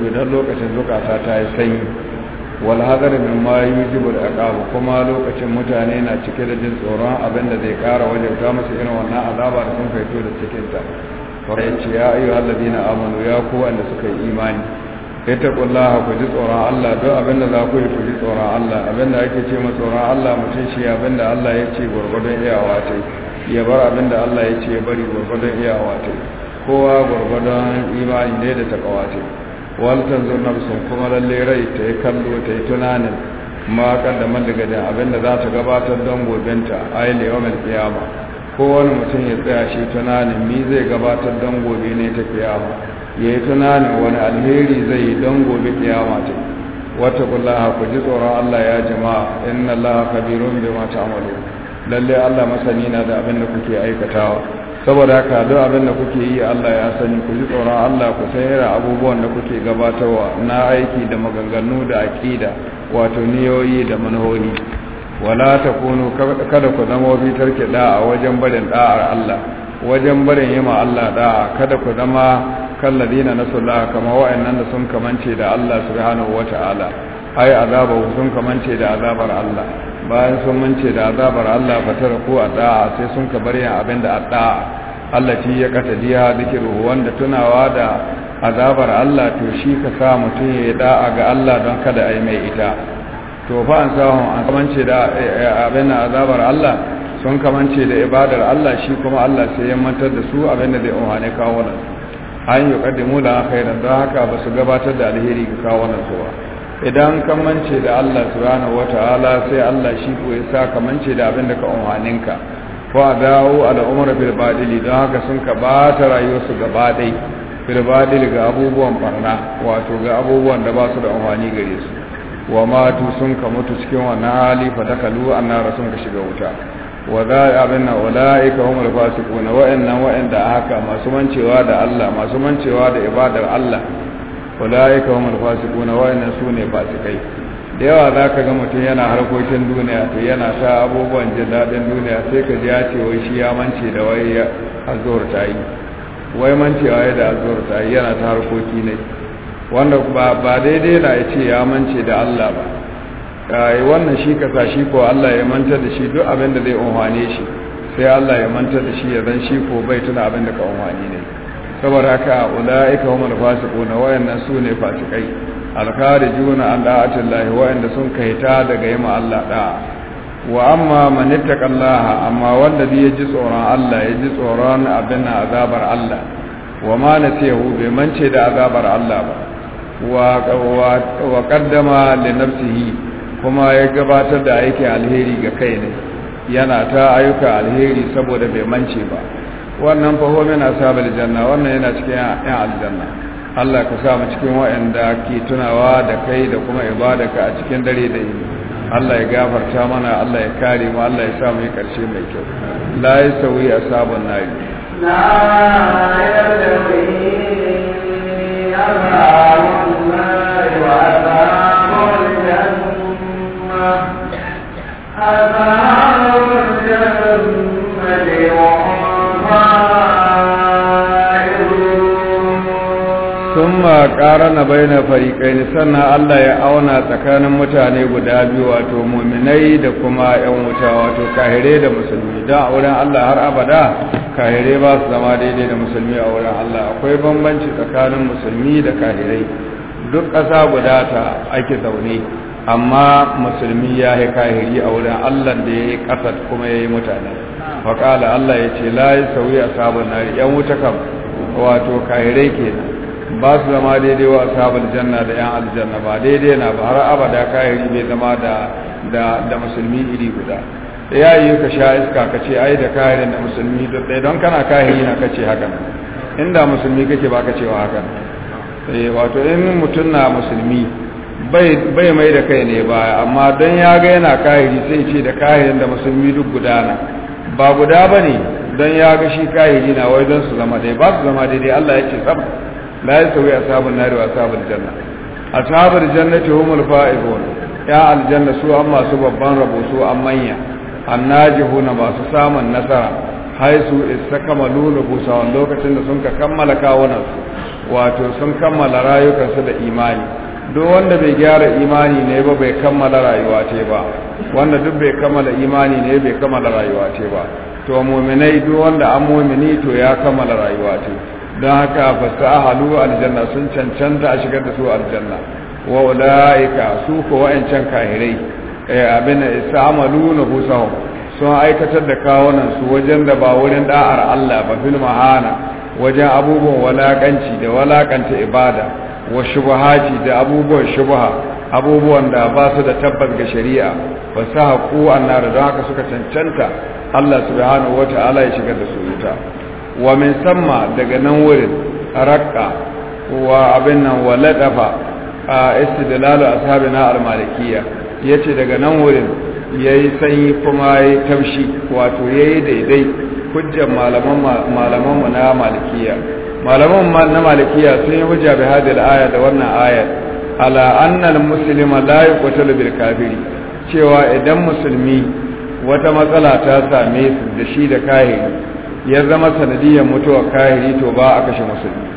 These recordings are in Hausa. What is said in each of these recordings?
qulubi lokacin zukata ta yi sanyi walhazar hadar min ma a al kuma lokacin mutane na cike da jin tsoron abin da zai kara ta musu irin wannan azaba da sun kaito da cikin ta fa yace ya ayyuhal ladina amanu ya ku wanda suka yi imani ta ittaqullaha ku ji tsoron Allah duk abin da za ku yi ku ji tsoron Allah abin da ake ce ma tsoron Allah mutum shi abin da Allah ya ce gwargwadon iyawa ta ya bar abin da Allah ya ce bari gwargwadon iyawa ta kowa gwargwadon imani ne da takawa ta waltan zurna bisan kuma lalle rai ta yi kallo ta yi tunanin ma kaddamar daga da abinda za ta gabatar don gobenta a yi lewamar kiyama kowane mutum ya tsaya shi tunanin mi zai gabatar don gobe ne ta kiyama ya yi tunanin wani alheri zai yi don gobe kiyama ta wata kullaha ku ji tsoron allah ya jama'a inna allaha kabirun mata amalu lalle allah masani na da abin da kuke aikatawa saboda haka duk abin da kuke yi Allah ya sani ku ji tsoron Allah ku san yara abubuwan da kuke gabatarwa na aiki da maganganu da aƙida wato niyoyi da manhoni wala takunu kada ku zama fi tarke a wajen barin da'ar Allah wajen barin yima Allah da kada ku zama kan na nasullah kama wa'annan da sun kamance da Allah subhanahu wata'ala ai azaba sun kamance da azabar Allah bayan sun mance da azabar Allah fatara ko a sai sun ka bar yin abin da a da'a Allah ci ya kataliya zikiru wanda tunawa da azabar Allah to shi ka sa mutum ya da'a ga Allah don kada a yi mai ita to fa an samu an kamance da eh, eh, abin da azabar Allah sun kamance da ibadar Allah shi kuma Allah sai ya mantar da su abin da zai umhane kawo nan an yi kaddimu da don haka ba su gabatar da alheri ga kawo nan su ba idan ka mance da Allah wata wata'ala sai Allah shi ko ya sa ka mance da abin da ka umarninka fa dawo al'ummar bil badili don haka sun ka ba ta rayuwarsu gaba dai bil ga abubuwan barna wato ga abubuwan da ba su da umarni gare su wa matu sun ka mutu cikin wannan hali fa takalu annara sun ka shiga wuta wa za abin na ula'ika humul fasiqun wa'annan wa'anda haka masu mancewa da Allah masu mancewa da ibadar Allah ulaika humul fasiqun wa inna sunne fasikai da yawa za ka ga mutum yana harkokin duniya to yana ta abubuwan jin daɗin duniya sai ka ji ya ce wai shi ya mance da wai azuwar ta yi wai wa ya da azuwar ta yi yana ta harkoki ne wanda ba daidai na ya ce ya mance da Allah ba kai wannan shi sa shi ko Allah ya manta da shi duk abin da zai umhane shi sai Allah ya manta da shi ya zan shi ko bai tuna abin da ka umhane ne saboda haka ulaika humul fasiquna wayannan su ne fasikai juna an wa inda sun kaita daga yima Allah da wa amma man ittaqallaha amma wanda ya ji tsoron Allah ya ji tsoron abin azabar Allah wa ma nasihu bai mance da azabar Allah ba wa kaddama nafsihi kuma ya gabatar da aikin alheri ga kai ne yana ta ayyuka alheri saboda bai mance ba wannan fa huwa min ashabil janna wannan yana cikin yan aljanna Allah ka sa cikin wa'anda ke tunawa da kai da kuma ibadarka a cikin dare da yini Allah ya gafarta mana Allah ya kare mu Allah ya sa mu yi karshe mai kyau la yasawi ashabun nari nari wa summa makara na fariqain farikai sannan Allah ya auna tsakanin mutane guda biyu wato muminai da kuma ‘yan wuta wato kahire da musulmi don a Allah har abada kahire ba su zama daidai da musulmi a wurin Allah akwai bambanci tsakanin musulmi da kahire duk ƙasa guda ta ake zaune amma musulmi ya yi kahiri a wurin Allah da ya yi ƙasa kuma ya yi mutane faƙala Allah ya ce la sauyi a sabon nari ‘yan wuta kam wato kahirai kenan ba su zama daidai wa ashabul janna da yan aljanna ba daidai na ba har abada kahiri bai zama da da da musulmi iri guda ya yi ka sha iska ka ce ai da kahirin da musulmi duk ɗaya don kana kahiri na kace haka inda musulmi kake ba ka cewa haka eh wato in mutum na musulmi bai bai mai da kai ne ba amma don ya ga yana kahiri sai ce da kahirin da musulmi duk guda na ba guda bane don ya ga shi kahiri na wai don su zama dai ba su zama daidai Allah ya ce tsabta la yasawi ashabun nari wa ashabul janna ashabul jannati humul faizun ya janna su amma su babban rabu su an manya annajihuna masu samun nasara haisu istakamalu nufusawan lokacin da sun ka kammala kawunansu wato sun kammala rayukansu da imani duk wanda bai gyara imani ne ba bai kammala rayuwa ce ba wanda duk bai kammala imani ne bai kammala rayuwa ce ba to muminai duk wanda an mumini to ya kammala rayuwa ce don haka fasahalu aljanna sun cancanta a shigar da su aljanna wa ulaika su ko wa'ancan kahirai eh, abin na nufusahum sun aikatar da kawunan su wajen da ba wurin da'ar Allah ba fil mahana wajen abubuwan walakanci da walakanta ibada wa shubahaci da abubuwan shubaha, abubuwan da ba su da tabbas ga shari'a ba sa haƙu annar don haka suka cancanta Allah subhanahu wata'ala ya shigar da su wuta wa min samma daga nan wurin rakka wa abin nan wa ladafa a istidlalu ashabina al-malikiyya yace daga nan wurin yayi sanyi kuma yayi taushi wato yayi daidai hujjan malaman malaman mu na malikiyya malaman na malikiyya sun yi hujja bi hadil aya da wannan ayat ala anna al-muslima la yuqtalu bil kafiri cewa idan musulmi wata matsala ta same su da shi da kahiri ya zama sanadiyar mutuwa kahiri to ba a kashe musulmi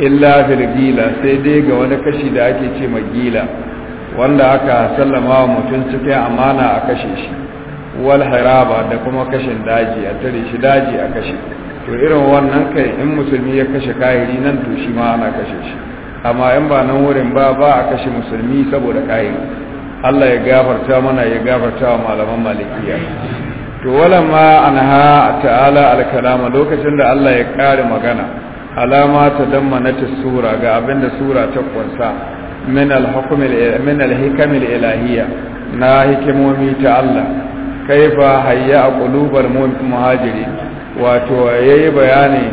illa fil gila sai dai ga wani kashi da ake ce gila wanda aka sallama wa mutum cikin amana a kashe shi wal haraba da kuma kashin daji a tare shi daji a kashe to irin wannan kai in musulmi ya kashe kahiri nan to shi ma ana kashe shi amma in ba nan wurin ba ba a kashe musulmi saboda kahiri Allah ya gafarta mana ya gafarta wa malaman malikiya to wala ma anha ta'ala al-kalama lokacin da Allah ya kare magana alama ta na ta sura ga abinda sura ta kunsa min al-hukm min al-hikam al-ilahiyya na hikimomi ta Allah kai kaifa hayya qulubal muhajiri wato yayi bayani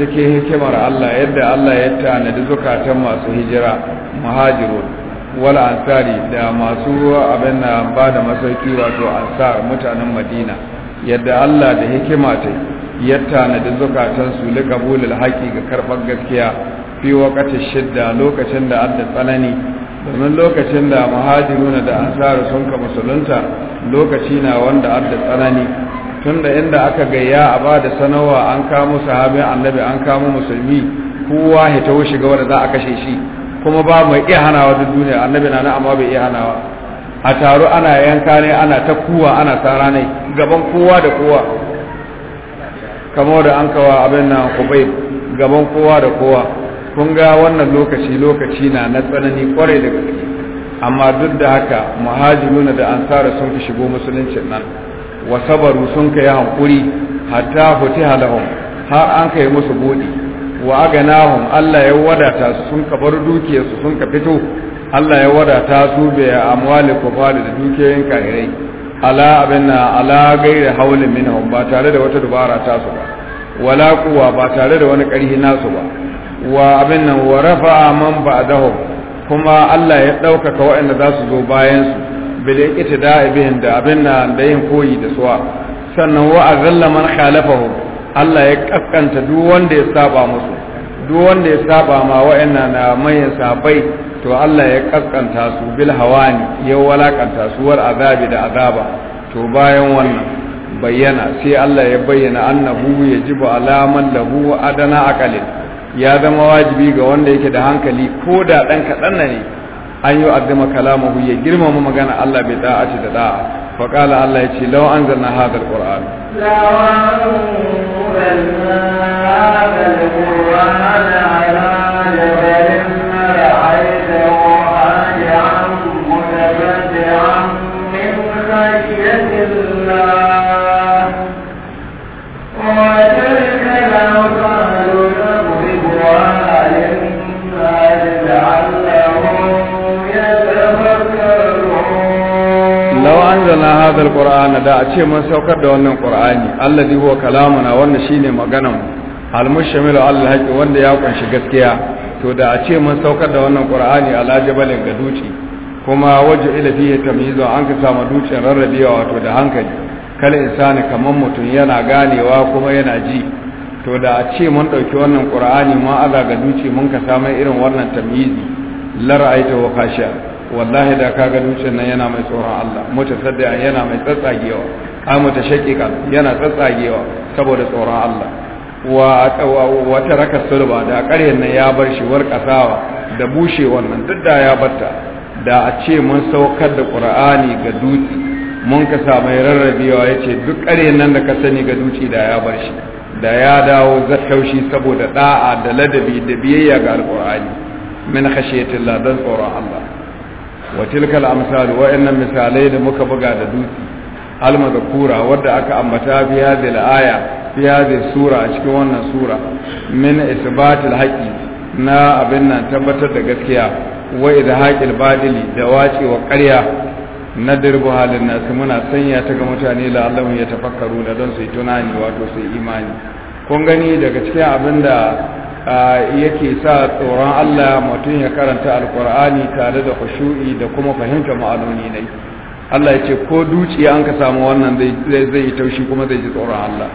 cikin hikimar Allah yadda Allah ya tanadi zukatan masu hijira muhajirun wal ansari da masu abin na ba da masauki wato ansar mutanen madina yadda allah da hikima ta ya tanadi zukatansu liƙabulil haƙi ga karɓar gaskiya fi wakati shidda lokacin da adda tsanani domin lokacin da muhajiruna da ansar sun ka musulunta lokaci na wanda adda tsanani tunda inda aka gayya a ba da sanawa an kamo sahabin annabi an kamo musulmi kowa ya taho shiga wanda za a kashe shi kuma ba mai iya hanawa duk duniya annabi na na amma bai iya hanawa a taro ana yanka ne ana ta kuwa ana tsara ne gaban kowa da kowa kamar da an kawa abin nan kubai gaban kowa da kowa kun ga wannan lokaci lokaci na na tsanani kwarai da gaske amma duk da haka muhajiruna da ansara sun fi shigo musuluncin nan wa sabaru sun kai hankuri hatta futiha lahum har an kai musu buɗi wa aganahum Allah ya wadata su sun ka bar dukiyarsu sun ka fito Allah ya wadata su be amwali bali da dukiyoyin kahirai ala abinna ala gairi haulin minhum ba tare da wata dubara ta su ba wala kuwa ba tare da wani ƙarfi nasu ba wa abin nan wa rafa'a man ba'dahu kuma Allah ya ɗaukaka waɗanda za su zo bayan su bil iqtida'i bihim da abin nan da yin koyi da suwa sannan wa azalla man khalafahu Allah ya kaskanta duk wanda ya saba musu duk wanda ya saba ma wa'annan na mai sabai to Allah ya kaskanta su bil hawani ya walakanta su war azabi da azaba to bayan wannan bayyana sai Allah ya bayyana ya yajibu alaman lahu adana aqalin ya zama wajibi ga wanda yake da hankali ko da dan kadan ne an yi azzama kalamahu ya girmama magana Allah bai da'a ce da da'a fa Allah ya ce law anzalna hadha alquran أنزلنا هذا القرآن anzalna hadha alqur'ana da a ce mun saukar da wannan qur'ani alladhi huwa kalamuna wannan shine maganan almushamilu alhaqi wanda ya kunshi gaskiya to da a ce mun saukar da wannan qur'ani ala jabalin ga kuma waje ila fihi tamyizu an ka samu ducin rarrabewa wato da hankali kala insani kaman mutum yana ganewa kuma yana ji to da a ce mun dauki wannan qur'ani ma aza ga duci mun ka samu irin wannan tamyizi la ra'aita wa wallahi da ka ga dutsen nan yana mai tsoron Allah mutasaddiya yana mai tsatsagewa a mutashakkika yana tsatsagewa saboda tsoron Allah wa wa raka sulba da ƙaryen nan ya bar shi warkasawa da bushe wannan duk da ya batta da a ce mun saukar da Qur'ani ga dutse mun ka sa mai rarrabewa yace duk ƙaryen nan da ka sani ga dutse da ya bar shi da ya dawo zakaushi saboda da'a da ladabi da biyayya ga alqur'ani min khashiyatillah dan tsoron Allah wa tilkal amsal waɗannan misalai da muka buga da duki almadhkura wadda aka ambata fi hadhihi al sura a cikin wannan sura min isbatil haqqi na abin nan tabbatar da gaskiya wa idhaqil badili da wace wa ƙarya na dirbu halin nasu muna sanya ta ga mutane la Allah ya tafakkaru da don su tunani wato su imani kun gani daga cikin abinda yake sa tsoron Allah mutum ya karanta alkur'ani tare da kushu'i da kuma fahimta ma'anoni ne Allah ya ce ko duciya an ka samu wannan zai zai yi taushi kuma zai ji tsoron Allah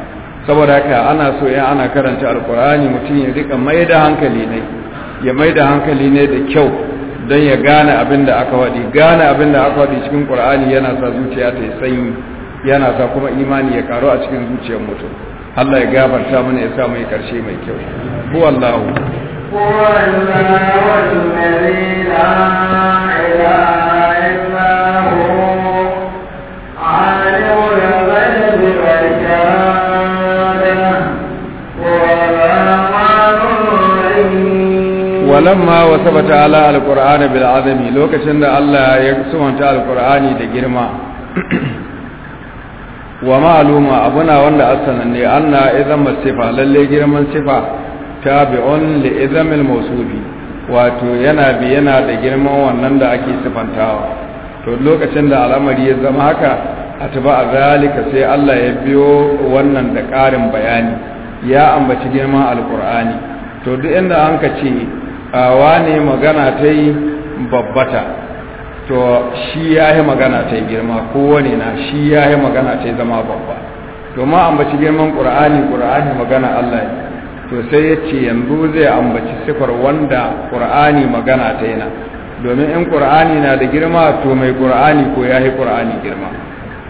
saboda haka ana so ya ana karanta alkur'ani mutum ya rika mai da hankali ne ya mai da hankali ne da kyau don ya gane abin da aka waɗi gane abin da aka waɗi cikin ƙur'ani yana sa zuciya ta yi sanyi yana sa kuma imani ya karu a cikin zuciyar mutum Allah ya gafarta mana ya sa mu karshe mai kyau huwa Allah huwa Allah وثبت على القرآن بالعظم لو walamma الله sabata ala alqur'ani bil lokacin da Allah ya da girma wa ma'aluma abuna wanda An na izama sifa lalle girman sifa tabi'un li izamil mawsufi wato yana bi yana da girman wannan da ake sifantawa to lokacin da al'amari ya zama haka a a zalika sai Allah ya biyo wannan da ƙarin bayani ya ambaci girman Alƙur'ani. to duk inda an ka ce wa ne magana ta yi babbata to shi ya yi magana ta girma kowane na shi ya yi magana ta zama babba to ma ambaci girman ƙur'ani ƙur'ani magana Allah ne to sai ya ce yanzu zai ambaci sifar wanda ƙur'ani magana ta yana domin in ƙur'ani na da girma to mai ƙur'ani ko ya yi ƙur'ani girma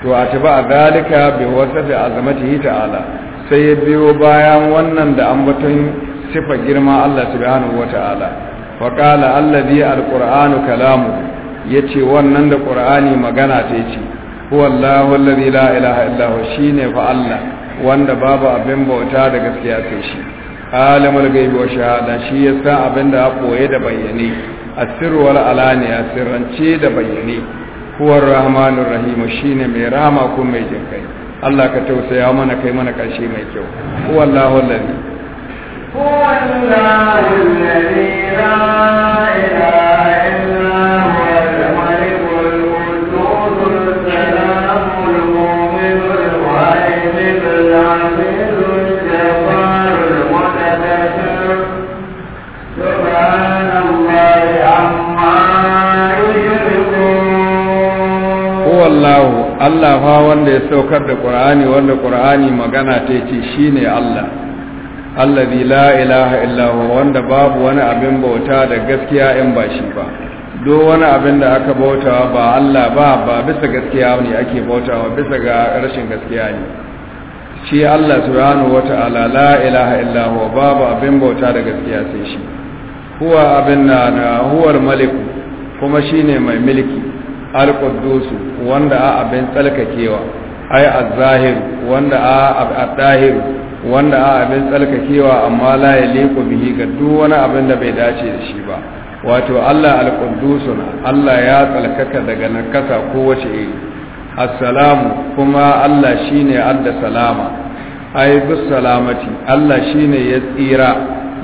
to a ba a zalika bai wasa da azamati ta'ala sai ya biyo bayan wannan da ambaton sifar girma Allah subhanahu wa ta'ala wa qala biya alqur'anu kalamu Ya ce wannan da qur'ani magana ta ce wallahu la ilaha illa huwa shine fa Allah wanda babu abin bauta da gaskiya sai shi alamul gaibi wa shahada shi yasa abin da koye da bayyane asirru wal alaniya sirrance da bayyane huwa rahmanur rahim shine mai rama ko mai jinkai Allah ka tausaya mana kai mana kashi mai kyau huwallahu la ilaha illa Allah Allah fa wanda ya saukar da Qur'ani wanda Qur'ani magana ta ce shine Allah allazi la ilaha illa huwa wanda babu wani abin bauta da gaskiya in ba shi ba duk wani abin da aka bautawa ba Allah ba ba bisa gaskiya ne ake bautawa bisa ga rashin gaskiya ne shi Allah subhanahu wata'ala la ilaha illa huwa babu abin bauta da gaskiya sai shi huwa abin na huwar maliku kuma shine mai mulki alƙudusu wanda a abin tsalkakewa ai azahir wanda a ɗahiru wanda a abin tsalkakewa amma la ya liku bihi ga duk wani abin da bai dace da shi ba wato Allah alƙudusu Allah ya tsalkaka daga nakasa kowace iri assalamu kuma Allah shine adda salama ai bis salamati Allah shine ya tsira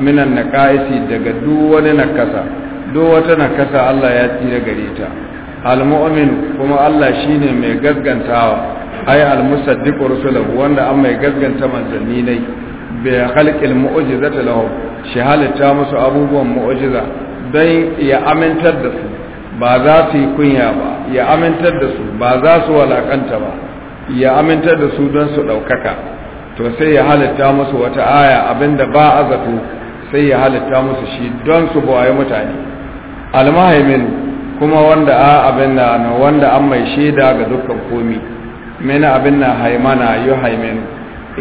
minan naqaisi daga duk wani nakasa wata nakasa Allah ya tsira gare ta almu'minu kuma Allah shine mai gaggantawa ay almusaddiqu rusulahu wanda an mai gagganta manzanni ne bi khalqil mu'jizati lahu shi halitta musu abubuwan mu'jiza dan ya amintar da su ba za su yi kunya ba ya amintar da su ba za su walakanta ba ya amintar da su don su ɗaukaka to sai ya halitta musu wata aya abinda ba azatu, zato sai ya halitta musu shi don su bawaye mutane Almahaminu. kuma wanda a abin na wanda an mai shaida ga dukkan komi mena abin na haimana yi haimenu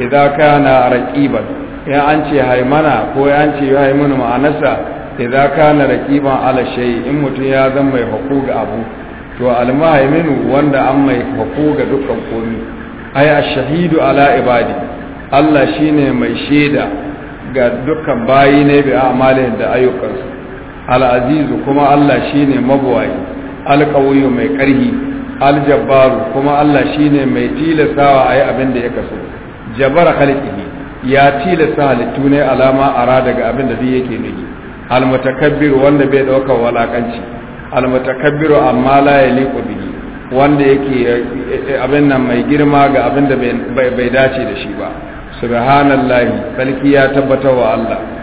idan kana raqiban ya an ce haimana ko ya an ce yi haimanu ma'anarsa idan kana raqiban ala shay in mutum ya zan mai hako ga abu to almahaiminu wanda an mai hako ga dukkan komi ai ash-shahidu ala ibadi Allah shine mai shaida ga dukkan bayi ne bi a'malin da ayyukansu al'azizu kuma Allah shi ne mabuwayi alƙawiyu mai ƙarhi aljabbaru kuma Allah shi ne mai tilasawa a yi abin da ya kaso jabara halittihi ya tilasta halittu ne alama ara daga abin da zai yake nufi almutakabbiru wanda bai ɗaukar walakanci almutakabbiru amma la ya liƙo bihi wanda yake eh, abin nan mai girma ga abin da bai dace da shi ba subhanallahi sarki ya tabbatar wa Allah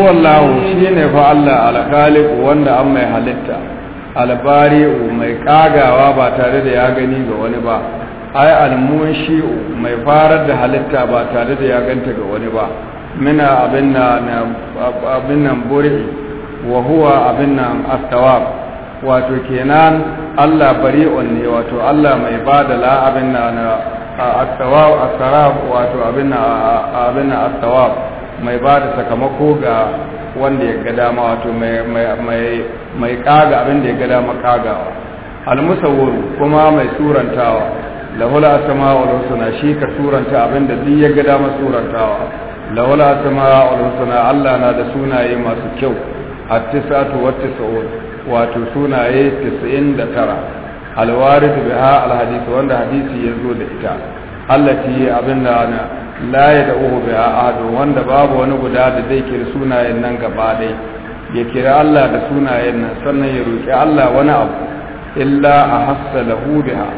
huwa Allahu shine fa Allah al-khaliq wanda an mai halitta Albariu mai ƙagawa ba tare da ya gani ga wani ba ai al mai farar da halitta ba tare da ya ganta ga wani ba mina abinna abinna buri wa huwa abinna astawab wato kenan Allah bari'un ne wato Allah mai bada la abinna na astawab wato abinna abinna astawab mai ba da sakamako ga wanda ya ga dama wato mai kaga abin da ya ga dama kagawa almusawwir kuma mai surantawa lahul asma'ul na shi ka suranta abin da zai ya ga dama surantawa lahul asma'ul na. Allah na da sunaye masu kyau a tisatu wat sa'ur wato sunaye 99 alwarid biha alhadith wanda hadisi ya zo da ita allati abinda ana la ya da uhu bi a'adu wanda babu wani guda da zai kira sunayen nan gaba dai ya kira Allah da sunayen nan sannan ya roki Allah wani abu illa ahassa lahu biha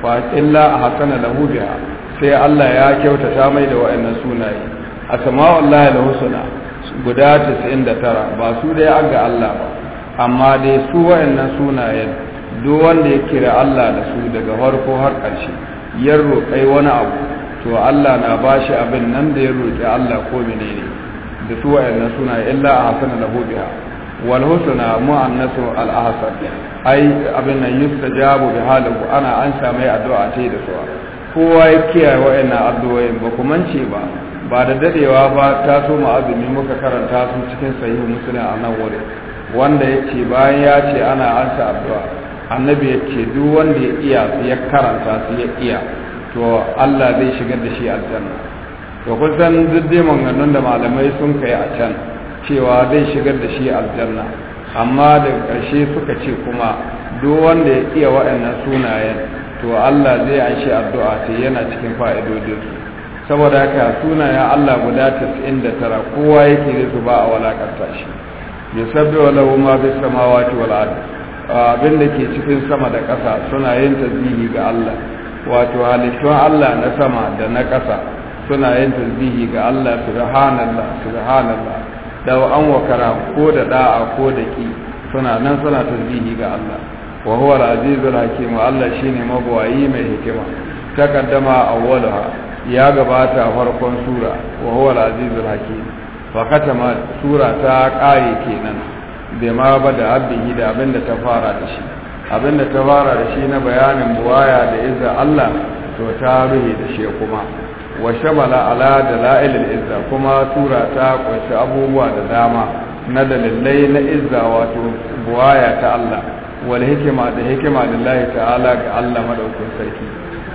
fa illa ahsana lahu biha sai Allah ya kyautata mai da wayannan sunaye Allah al-husna guda 99 ba su dai ga Allah ba amma dai su wayannan sunayen duk wanda ya kira Allah da su daga farko har ƙarshe yar roƙai wani abu to Allah na bashi abin nan da ya roƙi Allah ko menene da su wa'annan suna illa a hasana da biha wal husna mu'annasu al ahsan ai abin nan yustajabu bi halahu ana an same addu'a ce da su kowa ya kiyaye wa'annan addu'o'in ba ku mance ba ba da dadewa ba ta so mu azumi muka karanta su cikin sahihu muslim a nan wurin wanda yake bayan ya ce ana ansa addu'a annabi yake duk wanda ya iya ya karanta su ya iya to Allah zai shigar da shi aljanna to kusan duk dai da malamai sun kai a can cewa zai shigar da shi aljanna amma da ƙarshe suka ce kuma duk wanda ya iya waɗannan sunayen to Allah zai an shi addu'a ce yana cikin fa'idodinsu saboda haka sunayen Allah guda 99 kowa yake da su ba a walakanta shi yusabbihu lahu ma fi samawati wal ard abin da ke cikin sama da ƙasa suna yin tasbihi ga Allah wato halittun Allah na sama da na ƙasa suna yin tasbihi ga Allah subhanallah subhanallah da an wakara ko da da'a ko da ki suna nan suna tasbihi ga Allah wa huwa al al hakim Allah shine magwayi mai hikima takaddama awwalaha ya gabata farkon sura wa huwa al al hakim fa katama sura ta kare kenan bima bada abdihi da abinda ta fara da shi abin da ta fara da shi na bayanin buwaya da izza Allah to ta ruhe da shi kuma wa shamala ala dalailil izza kuma tura ta kunshi abubuwa da dama na dalilai na izza wato buwaya ta Allah wal hikima da hikima lillahi ta'ala ga Allah madaukin sarki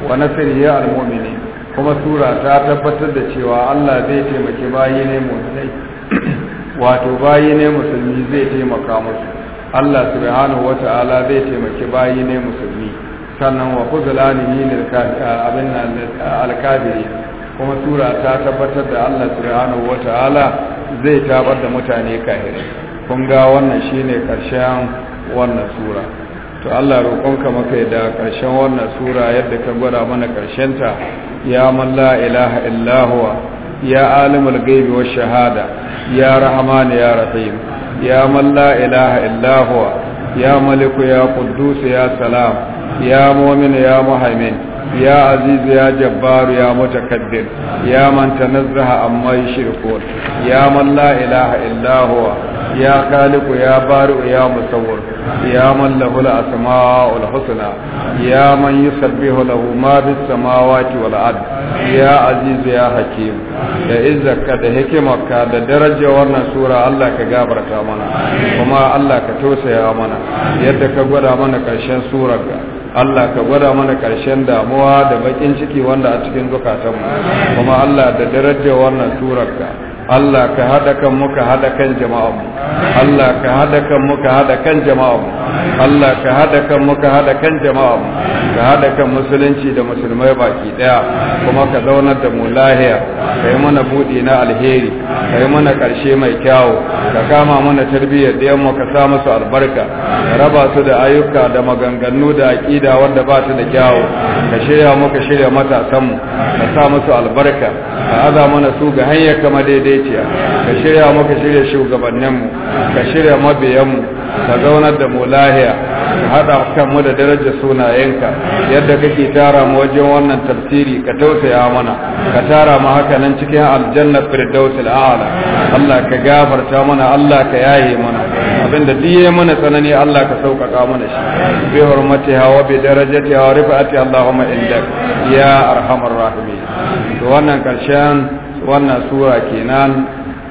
wa nasrihi al mu'minin kuma tura ta tabbatar da cewa Allah zai taimaki bayi ne musulmai wato bayi ne musulmi zai taimaka musu Allah subhanahu wata'ala zai taimaki bayi ne musulmi sannan wa khuzlanihi lil al-kafiri kuma sura ta tabbatar da Allah subhanahu wata'ala zai tabar da mutane kafiri kun ga wannan shine karshen wannan sura to Allah roƙonka maka da karshen wannan sura yadda ka gwada mana karshen ta ya man la ilaha illa huwa ya alimul gaibi wa shahada ya rahman ya rahim ya man la ilaha illa ya maliku ya quddus ya salam ya mu'min ya muhaimin يا عزيز يا جبار يا متكبر يا من تنزه عما يشركون يا من لا اله الا هو يا خالق يا بارئ يا مصور يا من له الاسماء الحسنى يا من يسبح له ما في السماوات والارض يا عزيز يا حكيم يا اذا قد حكمك da darajar wannan sura Allah ka gabarta mana kuma Allah ka tausaya mana yadda ka gwada mana ƙarshen surar Allah ka gwada mana ƙarshen damuwa da bakin ciki wanda a cikin zukatanmu kuma Allah da darajar wannan turarka Allah ka hada kan muka hada kan jama'an Allah ka hada kan muka hada kan jama'an Allah ka hada kan muka hada kan jama'an ka hada kan musulunci da musulmai baki daya kuma ka zaunar da mu lahiya mana budi na alheri ka yi mana ƙarshe mai kyawu ka kama mana tarbiyyar da yamma ka sa musu albarka ka raba su da ayyuka da maganganu da aqida wanda ba su da kyawu ka shirya muka shirya matasanmu ka sa musu albarka ka aza mana su ga hanyar kama daidai madaidaiciya ka shirya mu ka shirya shugabanninmu ka shirya mabiyanmu ka zaunar da mu lahiya ka haɗa kanmu da darajar sunayenka yadda kake tara mu wajen wannan tafsiri ka tausaya mana ka tara mu haka nan cikin aljanna firdausul a'la Allah ka gafarta mana Allah ka yaye mana abinda duk yayi mana tsanani Allah ka sauƙaƙa mana shi bi hurmatiha wa bi darajatiha wa rifa'ati Allahumma indak ya arhamar rahimin to wannan karshen wannan sura kenan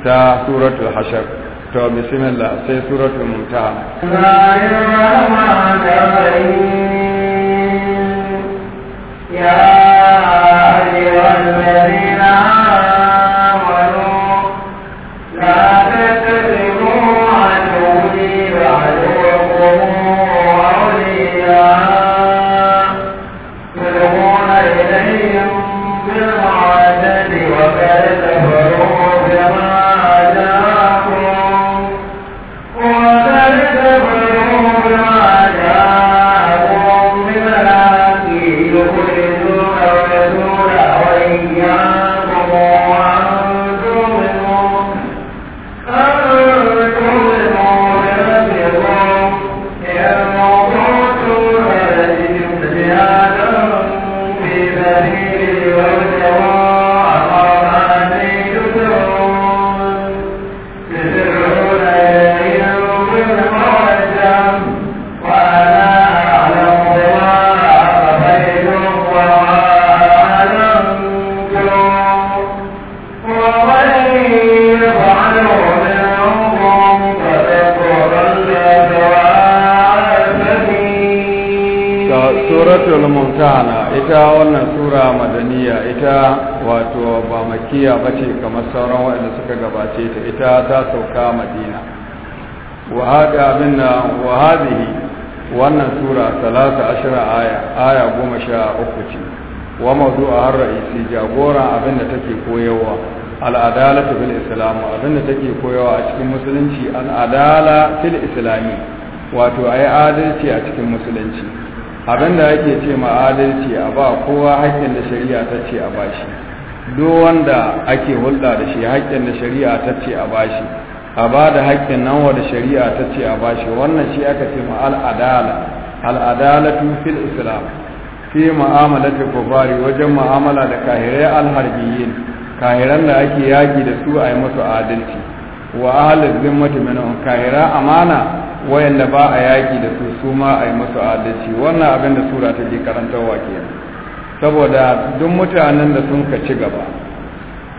ta suratul hashar to bismillah sai suratul mumtahana ya ayyuhal ladina tsakiya bace kamar sauran waɗanda suka gabace ta ita ta sauka madina wa hada minna wa hadhihi wannan sura talata ashara aya aya goma sha uku ce wa mawdu'a har ra'isi jagora abinda take koyarwa al'adalatu fil islam abinda take koyarwa a cikin musulunci al'adala fil islami wato ayi adalci a cikin musulunci abinda yake ce ma adalci a ba kowa haƙƙin da shari'a ta ce a bashi duk wanda ake hulɗa da shi haƙƙin da shari'a ta ce a bashi a ba da haƙƙin nan wa da shari'a ta ce a bashi wannan shi aka ce ma al'adala al'adalatu fil islam fi mu'amalati kufari wajen mu'amala da kahirai alharbiyin kahiran da ake yaƙi da su a yi musu adalci wa ahlul zimmati minhum kahira amana wayanda ba a yaƙi da su su ma a yi musu adalci wannan abin da sura take karantarwa kenan saboda duk mutanen da sun ka ci gaba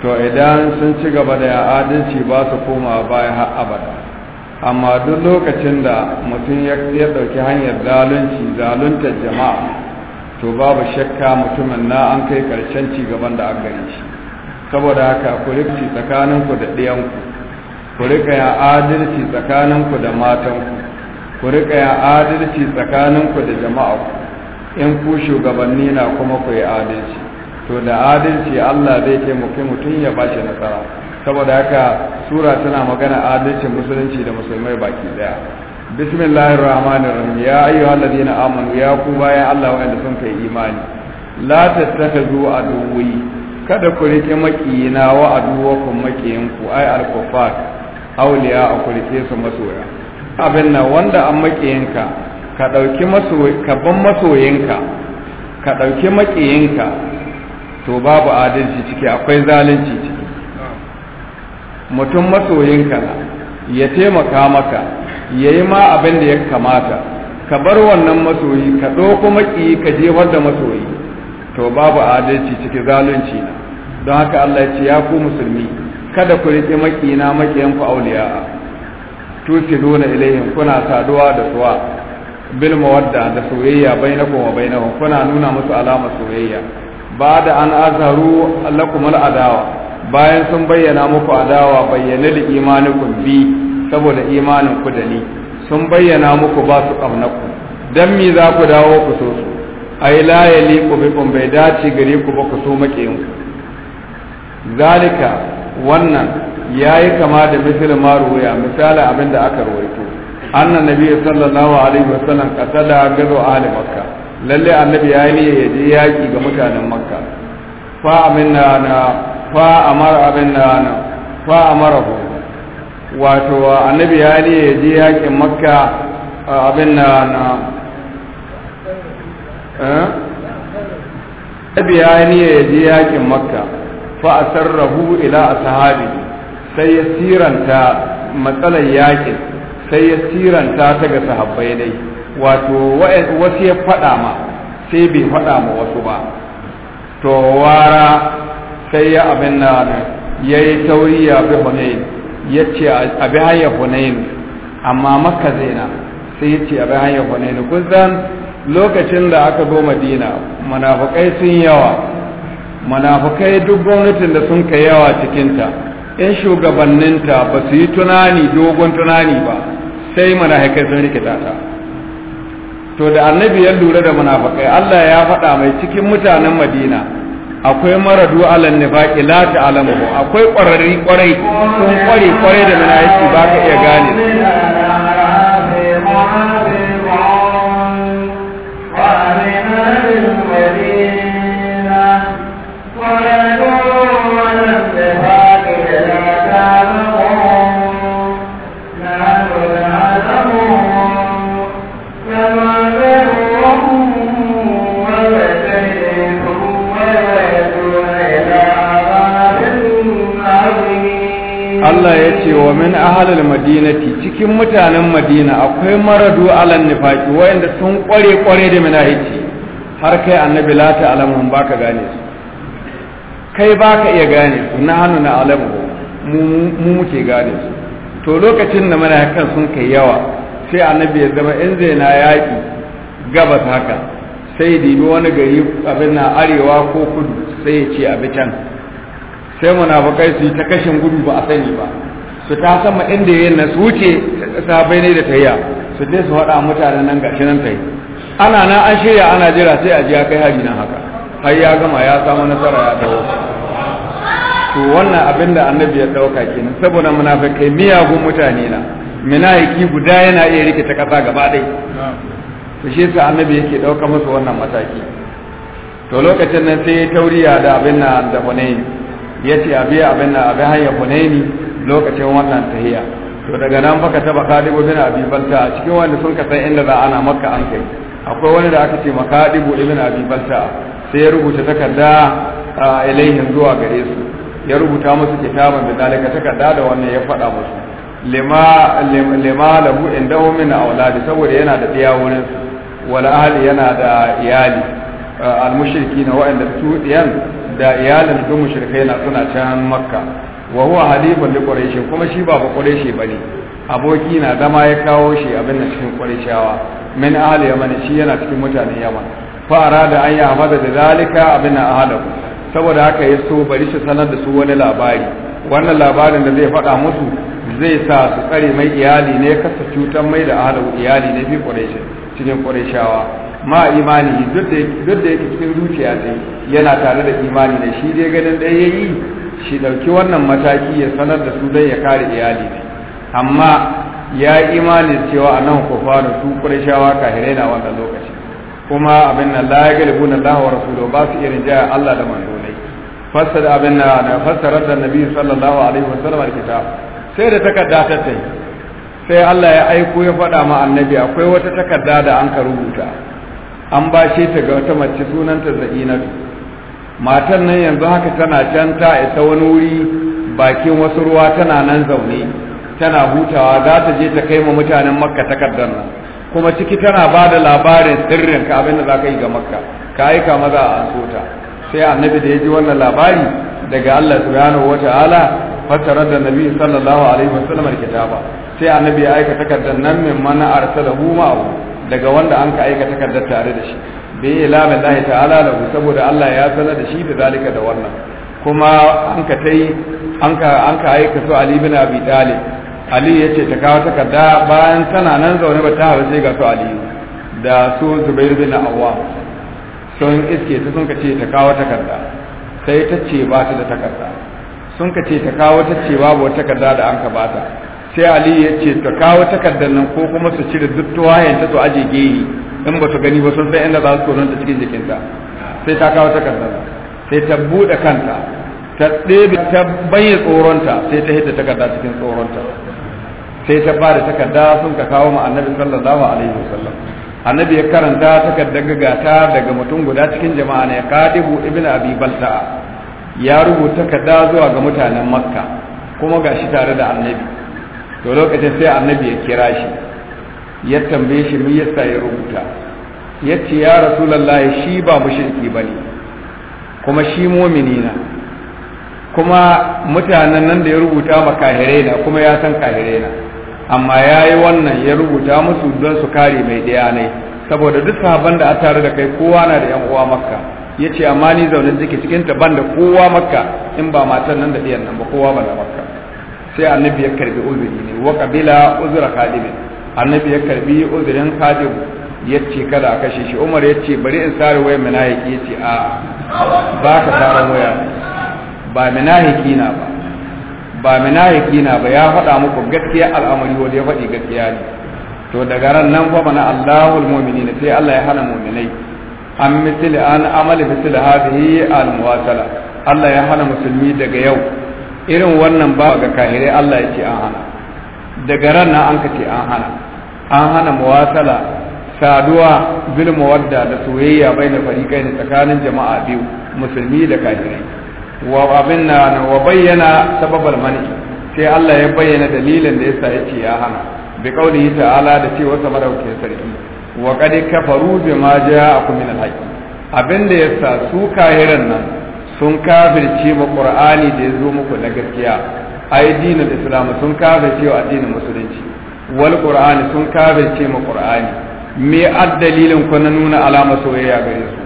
to idan sun ci gaba da adalci ba su koma baya har abada amma duk lokacin da mutum ya ɗauki hanyar zalunci zaluntar jama'a to babu shakka mutumin na an kai ƙarshen ci gaban da an gani shi saboda haka ku rikci tsakaninku da ɗiyanku ku rika ya adalci tsakaninku da matanku ku rika ya adalci tsakaninku da jama'a ku. in ku shugabanni na kuma ku yi adalci to da adalci Allah zai muke mutum ya bashi nasara saboda haka sura tana magana adalcin musulunci da musulmai baki daya bismillahir rahmanir rahim ya ayyuhalladhina amanu ya ku bayan Allah wanda sun kai imani la tattakhadhu aduwwi kada ku rike makiyina wa aduwakum makiyinku ay al-kuffar awliya ku rike su masoya abinna wanda an makiyinka ka ɗauki ban masoyinka ka ɗauki maƙiyinka to babu adalci ciki akwai zalunci ciki mutum masoyinka na ya taimaka maka ya yi ma abin da ya kamata ka bar wannan masoyi ka ɗauko maƙiyi ka jefar da masoyi to babu adalci ciki zalunci na don haka Allah ya ce ya ku musulmi kada ku riƙe maƙina maƙiyanku auliya tusiluna ilayhim kuna saduwa da suwa bil mawadda da soyayya bainakum wa bainahum kuna nuna musu alama soyayya ba da an azharu lakum al adawa bayan sun bayyana muku adawa bayyana da imanukum bi saboda imanin ku da ni sun bayyana muku ba su kamnaku dan me za ku dawo ku so su ai la bi bikum bai dace gare ku ba ku so ku zalika wannan yayi kama da misalin maruya misali abinda aka rawaito anna nabi sallallahu alaihi wasallam qatala gazo ahli makka lalle annabi ya ne ya je yaki ga mutanen makka fa aminna na fa amara abinna na fa amarahu wato annabi ya ne ya je yakin eh? ya je yakin makka fa asarrahu ila ashabi sai ya siranta matsalar yaƙin. sai ya siranta ta ga sahabbai dai wato wasu ya faɗa ma sai bai faɗa ma wasu ba to wara sai ya abin na ya yi tauri ya bi hunayin ya ce a bi hanyar hunayin amma maka zaina sai ya ce a bi hanyar hunayin kusan lokacin da aka zo madina munafukai sun yawa munafukai duk gwamnatin da sun kai yawa cikinta in shugabanninta ba su yi tunani dogon tunani ba sai munafikai sun rikita ta to da annabi ya lura da munafikai Allah ya faɗa mai cikin mutanen Madina akwai maradu alal nifaqi la ta'lamu akwai ƙwararri ƙwarai sun ƙware da munafiki ba ka iya gane madinati cikin mutanen madina akwai maradu alan nifaki wayanda sun kware kware da munafici har kai annabi la ta alamun baka gane su kai baka iya gane su na hannu na alamu mu muke gane su to lokacin da munafikan sun kai yawa sai annabi ya zama in zai na yaki gabas haka sai dibi wani gari abin na arewa ko kudu sai ya ce abi can sai munafikai su yi ta kashin gudu ba a sani ba su ta sama inda yayin na su wuce sabai ne da tayya su je su faɗa mutanen nan gashi nan yi ana na an shirya ana jira sai a ji kai hari nan haka har ya gama ya samu nasara ya dawo to wannan abin da annabi ya dauka kenan saboda munafikai miyagun mutane na munafiki guda yana iya rike ta kasa gaba dai to shi sa annabi yake dauka musu wannan mataki to lokacin nan sai tauriya da abin nan da bunayni yace abiya abin nan abi hayya ne. lokacin wannan tahiya to daga nan baka taba kadibu bin abi balta a cikin wanda sun kasan inda za ana makka an kai akwai wani da aka ce makadibu ibn abi balta sai ya rubuta takarda a ilaihin zuwa gare su ya rubuta musu kitaban da dalika takarda da wannan ya faɗa musu lima lima lahu indahu min auladi saboda yana da diya wurin su ahli yana da iyali al mushrikina wa'anda su diyan da iyalin du mushrikai na suna can makka wa huwa halifun li quraish kuma shi ba ba quraishi bane aboki na zama ya kawo shi abin da cikin quraishawa min ahli yaman shi yana cikin mutanen yaman fa arada an yahfada da zalika abin ahlahu saboda haka ya so bari shi sanar da su wani labari wannan labarin da zai faɗa musu zai sa su tsare mai iyali ne kasa cutar mai da ahlahu iyali ne fi quraish cikin quraishawa ma imani duk da yake cikin zuciya ne yana tare da imani ne shi dai ganin da yayi shi ɗauki wannan mataki ya sanar da su dai ya kare iyali ne amma ya imanin cewa a nan ku faru su ƙurashawa kahirai na wannan lokaci kuma abin nan la ya bu na Allah wa rasulu ba su irin jaya Allah da manzonai fassara abin nan na fassara da nabi sallallahu alaihi wa sallam sai da takarda ta tai sai Allah ya aiko ya faɗa ma annabi akwai wata takarda da an ka rubuta an bashe ta ga wata mace sunanta Zainatu matan nan yanzu haka tana can ta isa wani wuri bakin wasu ruwa tana nan zaune tana hutawa za ta je ta kai ma mutanen makka takardar nan kuma ciki tana ba da labarin sirrin ka abin da za ka yi ga makka ka aika maza a an ta sai annabi da ya ji wannan labari daga allah subhanahu wa ta'ala fassara da nabi sallallahu alaihi kitaba sai annabi ya aika takardar nan min mana arsalahu ma'ahu daga wanda an ka aika takardar tare da shi bi ilamin lahi ta'ala da saboda Allah ya sanar da shi da zalika da wannan kuma an ka tai an ka an ka aika su Ali bin Abi Talib Ali yace ta kawo takarda bayan tana nan zaune ba ta sai ga su Ali da su Zubair bin Awwa sun iske ta sun ka ce ta kawo takarda sai ta ce ba ta da takarda sun ka ce ta kawo ta ce babu takarda da an ka bata sai ali ya ce ta kawo takardar nan ko kuma su cire duk tuwayen ta su aje geyi in ba su gani ba sun san inda za su koron ta cikin jikinta sai ta kawo takardar sai ta bude kanta ta ɗebe ta bayyana tsoronta sai ta hidda takarda cikin tsoronta sai ta ba da takarda sun ka kawo ma annabi sallallahu alaihi wasallam annabi ya karanta takardar gagata daga mutum guda cikin jama'a ne kadibu ibnu abi balta ya rubuta takarda zuwa ga mutanen makka kuma gashi tare da annabi to lokacin sai annabi ya kira shi ya tambaye shi me yasa ya rubuta ya ce ya rasulullahi shi ba mushriki bane kuma shi mumini na kuma mutanen nan da ya rubuta ma kahirai na kuma ya san kahirai na amma ya yi wannan ya rubuta musu don su kare mai ɗaya ne saboda duk sahabban da a tare da kai kowa na da 'yan uwa makka ya amma ni zaune jiki cikin ta ban da kowa makka in ba matan nan da ɗiyan nan ba kowa ba da makka sai annabi ya karbi uzuri ne wa kabila uzra khadimin annabi ya karbi uzurin ya yace kada a kashe shi umar yace bari in sare wayar manahiki yace a ba ka sare waya ba manahiki na ba ba manahiki na ba ya faɗa muku gaskiya al'amari wanda ya faɗi gaskiya ne to daga ran nan fa bana Allahul ne sai Allah ya hana mu'minai an misali an amali misali hadhihi al muwasala Allah ya hana musulmi daga yau irin wannan ba ga kahirai Allah ya ce an hana daga ranar an ka ce an hana an hana muwasala saduwa zulma wadda da soyayya bai da farikai da tsakanin jama'a biyu musulmi da kahirai. wa abin na wa bayyana sababar mani sai Allah ya bayyana dalilin da yasa yace ya hana bi qaulihi ta'ala da ce wata madauke sarki wa qad kafaru bima ja'akum min al-haqq abin da yasa su kahiran nan sun kafirce ma qur'ani da ya zo muku na gaskiya ai dinin islam sun kafirce wa addinin musulunci wal qur'ani sun kafirce ma qur'ani me addalilin ku na nuna alama soyayya gare su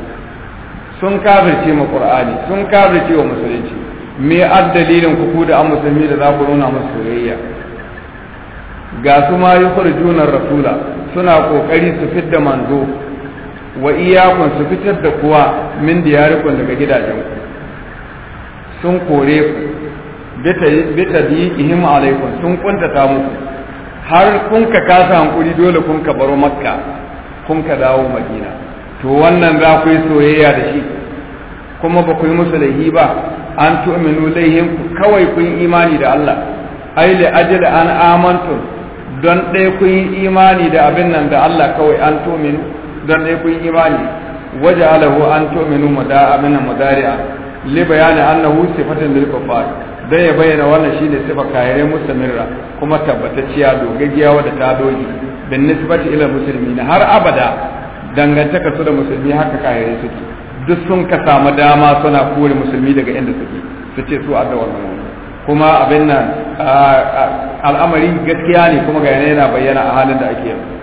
sun kafirce ma qur'ani sun kafirce wa musulunci me addalilin ku ku da an musulmi da za ku nuna musu soyayya ga su ma yukhrijuna rasula suna kokari su fidda manzo wa iyakun su fitar da kuwa min diyarikun daga gidajen ku. sun kore ku bita bi ihim alaikum sun kuntata muku har kun ka kasa hankuri dole kun ka baro makka kun ka dawo madina to wannan za ku yi soyayya da shi kuma ba ku yi musu laihi ba an tu'minu laihim ku kawai kun yi imani da Allah ai li ajli an amantu don ɗaya kun yi imani da abin nan da Allah kawai an tu'minu don ɗaya kun yi imani waje alahu an tu'minu mada'a min mudari'a li bayani annahu sifatun lil kuffar dai ya bayyana wannan shine sifa kayyare musamirra kuma tabbatacciya dogaggiya wadda ta doge bin nisbati ila muslimina har abada dangantaka su da musulmi haka kayyare suke duk sun ka samu dama suna kore musulmi daga inda suke su ce su adda wannan kuma abin nan al'amari gaskiya ne kuma ga yana bayyana a halin da ake yanzu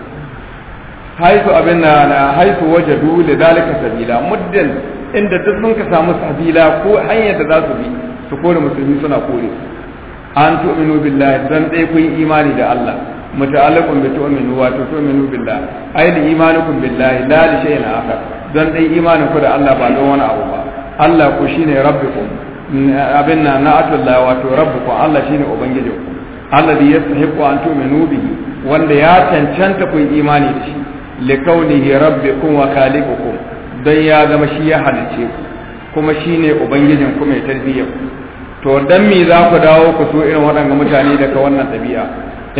haifu abin na haifu wajadu da dalika sabila muddin inda duk sun ka samu sabila ko hanyar da za su bi su kore musulmi suna kore an tu'minu billahi dan dai kun imani da Allah muta'allaqun bi tu'minu wa tu'minu billahi ay li imanukum billahi la li shay'in akhar dan dai imanin ku da Allah ba don wani abu ba Allah ku shine rabbikum abin na wa wato rabbukum Allah shine ubangijinku alladhi yastahiqu an tu'minu bihi wanda ya cancanta ku imani da shi likawnihi rabbikum wa khaliqukum don ya zama shi ya halice kuma shi ne ubangijin ku mai tarbiyya to dan me za ku dawo ku so irin waɗanga mutane daga wannan ɗabi'a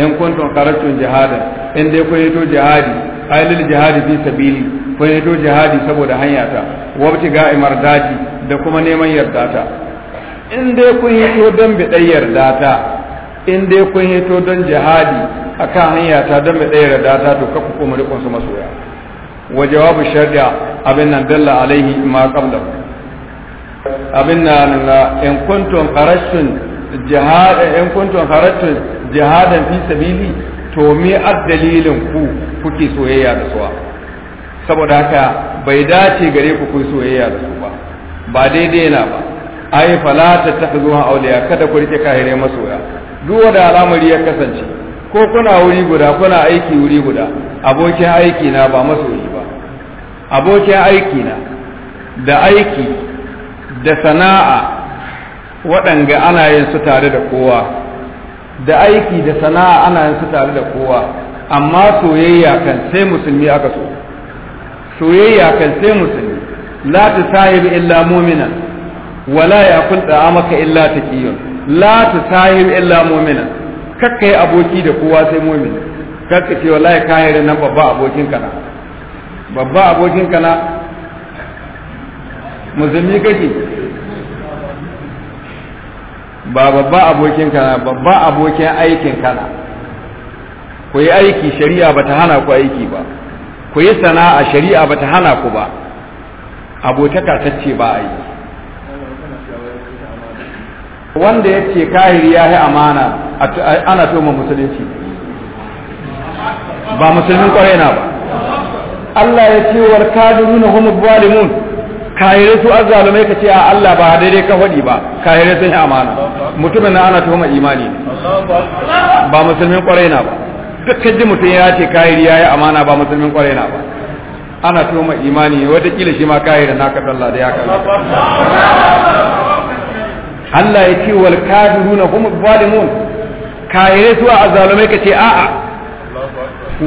in kuntum kharajtum jihadan in dai ku to jihadi ailil jihadi fi sabili ku to jihadi saboda hanya ta wabti ga imardati da kuma neman yarda ta in dai kun hito don biɗai yarda ta in dai kun to don jihadi akan hanya ta don biɗai yarda ta to ku kuma rikon su masoya wa jawabu shari'a abin nan dalla alaihi ma qabla abin nan in kuntum kharashun jihad in kuntum kharashun jihadan fi sabili to me addalilin ku kuke soyayya da suwa saboda haka bai dace gare ku kuyi soyayya da su ba ba daidai na ba ai fala ta tahzuha awliya kada ku rike kahire masoya duk wanda al'amari ya kasance ko kuna wuri guda kuna aiki wuri guda abokin aiki na ba masoyi abokin aiki na da aiki da sana'a waɗanga ana yin su tare da kowa da aiki da sana'a ana yin su tare da kowa amma soyayya kan sai musulmi aka so soyayya kan sai musulmi la sahib illa mumina wala yakul da'amaka illa taqiyun la sahib illa mu'minan kakkai aboki da kowa sai mu'min kakka ce wallahi kayar nan babba abokin kana babba abokin ka na musulmi kake ba babba abokin ka na babba abokin aikin ka na ku yi aiki shari'a ba ta hana ku aiki ba ku yi sana'a shari'a ba ta hana ku ba abotaka ta ce ba a yi wanda ya ce kahiri ya yi amana ana toma musulunci ba musulmin kwarai na ba Allah ya ce wal kadirun hum zalimun kayire su azzalumai kace ce a Allah ba daidai ka fadi ba kayire sun yi amana mutumin na ana tuhuma imani ba musulmin kwarai na ba dukkan ji mutum ya ce kayiri ya yi amana ba musulmin kwarai na ba ana tuhuma imani kila shi ma kayiri na ka sallah da ya kalla Allah ya ce wal kafiruna hum zalimun kayire su azzalumai kace ce a'a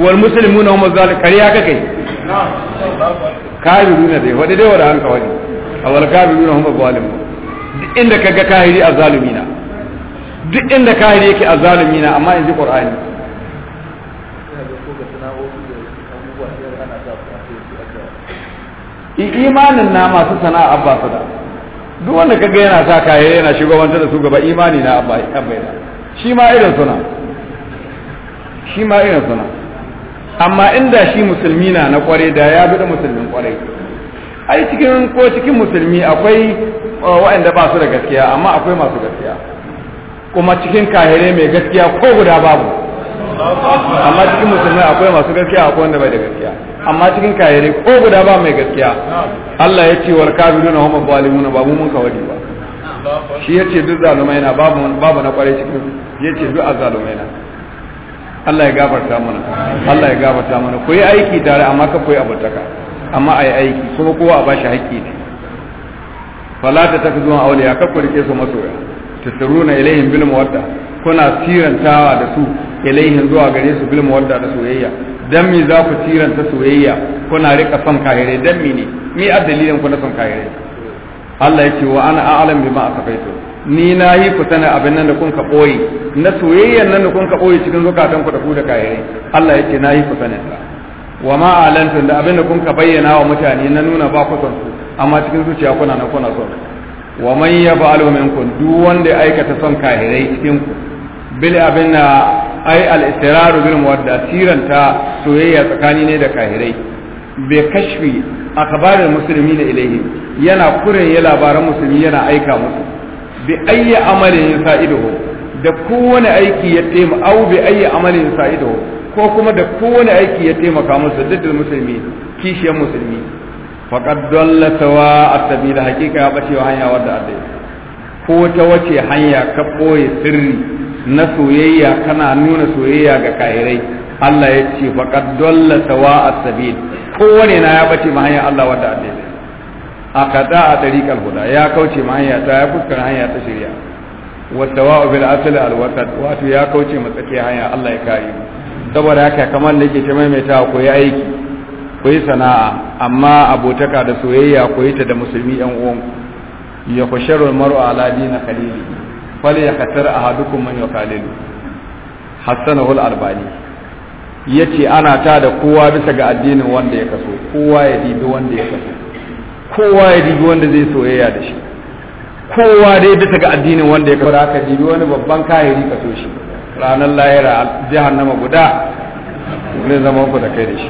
wal muslimuna hum zalimun kariya kake kafiruna dai wadai dai wadai hanka wani awal kafiruna hum zalimun duk inda kaga kahiri na. duk inda kafiri yake na amma in ji qur'ani imanin na masu sana'a abba su da duk wanda kaga yana sa kaye yana wanda da su gaba imani na abba abba shi ma irin suna shi ma irin suna amma inda shi musulmi na na kware da ya bi da musulmin kware ai cikin ko cikin musulmi akwai uh, waɗanda ba su da gaskiya amma akwai masu gaskiya kuma cikin kahire mai gaskiya ko guda babu amma cikin musulmi akwai masu gaskiya akwai wanda bai da gaskiya amma cikin kahire ko guda ba mai gaskiya Allah ya ce wal kafiruna hum zalimuna ba mu mun kawari ba shi yace duk zalumai na babu babu na kware cikin yace duk azalumai na Allah ya gafarta mana Allah ya gafarta mana ku yi aiki tare amma ka koyi abutaka amma a yi aiki kuma kowa a bashi haƙƙi ne falata ta zuwa ya ka kurke su masoya tasiruna ilaihim bil mawadda kuna tirantawa da su ilaihim zuwa gare su bil mawadda da soyayya dan me za ku tiranta soyayya kuna rika son kahire dan me ne me a dalilin ku na son kahire Allah ya ce wa ana a'lam bima asafaitu ni na yi ku sana abin nan da kun ka ɓoye na soyayyar nan da kun ka ɓoye cikin zukatan ku da ku da kayayyai Allah ya ce na yi ku sani. ta wa ma alantun da abin da kun ka bayyana wa mutane na nuna ba ku son su amma cikin zuciya kuna nan kuna son wa man yaf'alu minkum duk wanda ya aikata son kahirai cikin ku bil abin na ai al istiraru bil muwadda siranta soyayya tsakani ne da kahirai bi kashfi akhbarul muslimina ilayhi yana kuren ya labaran musulmi yana aika musu bi ayyi amalin sa'iduhu da kowane aiki ya taimaka au bi ayyi amalin sa'iduhu ko kuma da kowane aiki ya taimaka musu da musulmi kishiyar musulmi faqad dalla tawa at-sabil haqiqa ya bace hanya wadda ade ko ta wace hanya ka boye sirri na soyayya kana nuna soyayya ga kairai Allah ya ce faqad dalla tawa at-sabil kowane na ya bace ma hanya Allah wadda ade a kada a tariqal huda ya kauce ma hanya ta ya fuskar hanya ta shari'a wasawa bil asli al wasat wato ya kauce ma hanya Allah ya kare mu saboda haka kamar da yake ta maimaita ko yi aiki ko yi sana'a amma abotaka da soyayya ko yi ta da musulmi yan uwan ya kusharu mar'u ala dina khalili fal katar ahadukum man yuqalilu hasanahu al albani yace ana ta da kowa bisa ga addinin wanda ya kaso kowa ya dibi wanda ya kaso kowa ya dibi wanda zai soyayya da shi kowa dai bisa ga addinin wanda ya kafa ka dibi wani babban kahiri ka so shi ranar lahira jahannama guda ne zama ku da kai da shi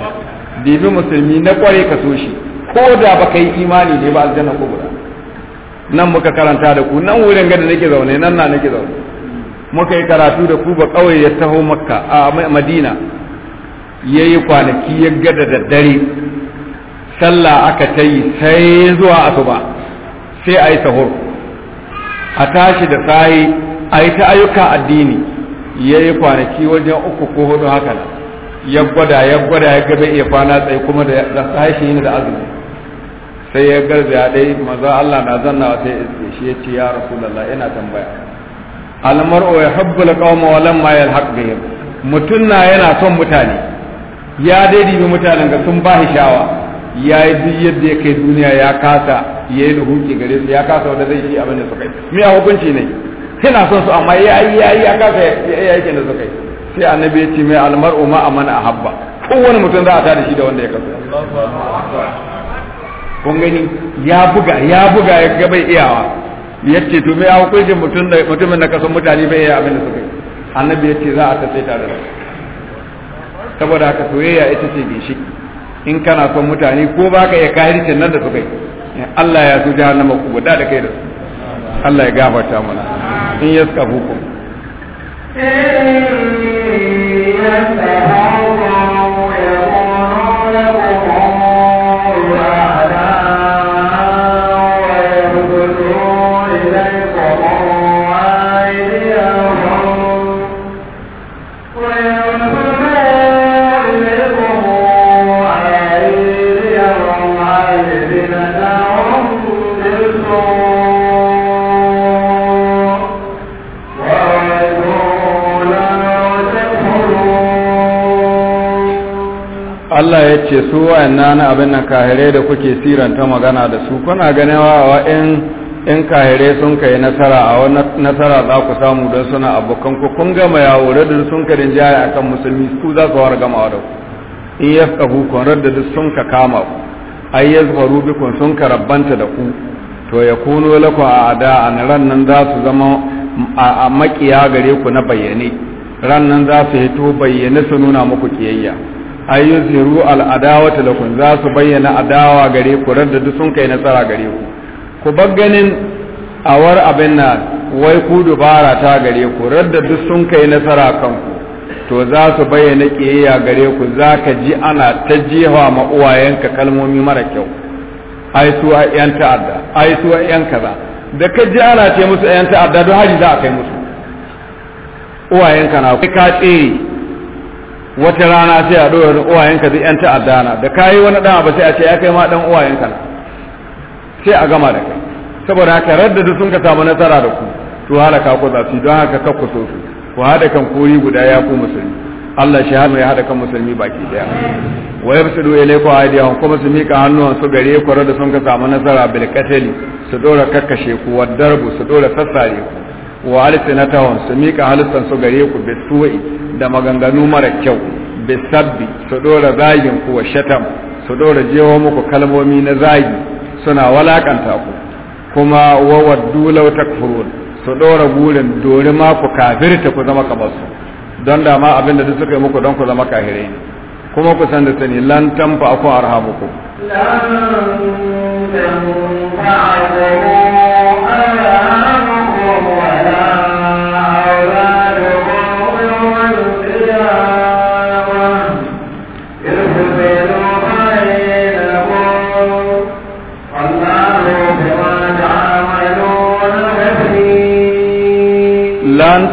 dibi musulmi na kware ka so shi ko da baka yi imani ne ba aljanna ko guda nan muka karanta da ku nan wurin ga da nake zaune nan na nake zaune muka yi karatu da ku ba kawai ya taho makka a madina ya yi kwanaki ya gada da dare sallah aka ta yi sai zuwa asuba sai a yi sahur a tashi da tsayi a yi ta ayyuka addini ya yi kwanaki wajen uku ko hudu haka ya gwada ya gwada ya gaba iya kwana tsaye kuma da tashi yin da azumi sai ya garzaya dai maza Allah na zanna wata shi ya ce ya rasulallah ina tambaya almar'u yuhibbul qawma wa lamma yalhaq bihim mutun na yana son mutane ya dai dibi mutanen ga sun ba shawa ya yi duk yadda ya kai duniya ya kasa ya yi hukunci gare su ya kasa wanda zai yi abin da suka yi me hukunci ne yana son su amma ya yi ya yi ya kasa ya yi da suka yi sai annabi ya ce mai almar'u ma aman ahabba kowane mutum za a tada shi da wanda ya kasa kun gani ya buga ya buga ya ga bai iyawa ya ce to mai ya hukuncin mutum da mutumin da kasan mutane bai yi abin da suka yi annabi ya ce za a tafi tare da saboda haka soyayya ita ce ginshiki in kana son mutane ko ba ka iya kahircin nan da su kai Allah ya su jahannama ku guda da kai da su Allah ya gafarta mana in yaska hukum Allah ya ce su na abin nan kahire da kuke siranta magana da su kuna ganewa wa in in kahire sun kai nasara a wani nasara za ku samu don suna abokan ku kun gama yawo da sun ka rinjaye akan musulmi su za su war gama da ku in ya tsabu kun da sun ka kama ku ai ya bi kun sun ka rabbanta da ku to ya kuno laku a ada an ran nan za su zama a makiya gare ku na bayyane ran nan za su hito bayyane su nuna muku kiyayya ay yuzhiru al adawata lakum za su bayyana adawa gare ku radda duk sun kai nasara gare ku ku bar ganin awar abin nan wai ku dubara ta gare ku radda duk sun kai nasara kan ku to za su bayyana kiyayya gare ku za ka ji ana ta jefa ma uwayenka kalmomi mara kyau ai su ai yan ta'adda ai su yan kaza da ka ji ana ce musu yan ta'adda don hari za a kai musu uwayenka na kai ka tsere wata rana sai a dora uwayenka zai yan ta'adda na da kayi wani dan abu sai a ce ya kai ma dan uwayenka sai a gama da kai saboda haka raddadu sun ka samu nasara da ku to halaka ku za don haka ka so su ku hada kan kori guda ya ku musulmi Allah shi hannu ya hada kan musulmi baki daya wa yabsudu a aydiyahum kuma su mika hannuwan su gare ku da sun ka samu nasara bilkatali su dora kakkashe ku wa darbu su dora sassare ku wa tawon su mika halittan su gare ku bisuwi da maganganu mara kyau bisabbi su dora zagin ku wa shatam su dora jewa muku kalmomi na zagi suna walakanta ku kuma wa waddu law takfurun su dora burin dori ma ku kafirta ku zama kamar su don da ma abin da suka yi muku don ku zama kafirai kuma ku san da sani lan tanfa aku arhamukum lan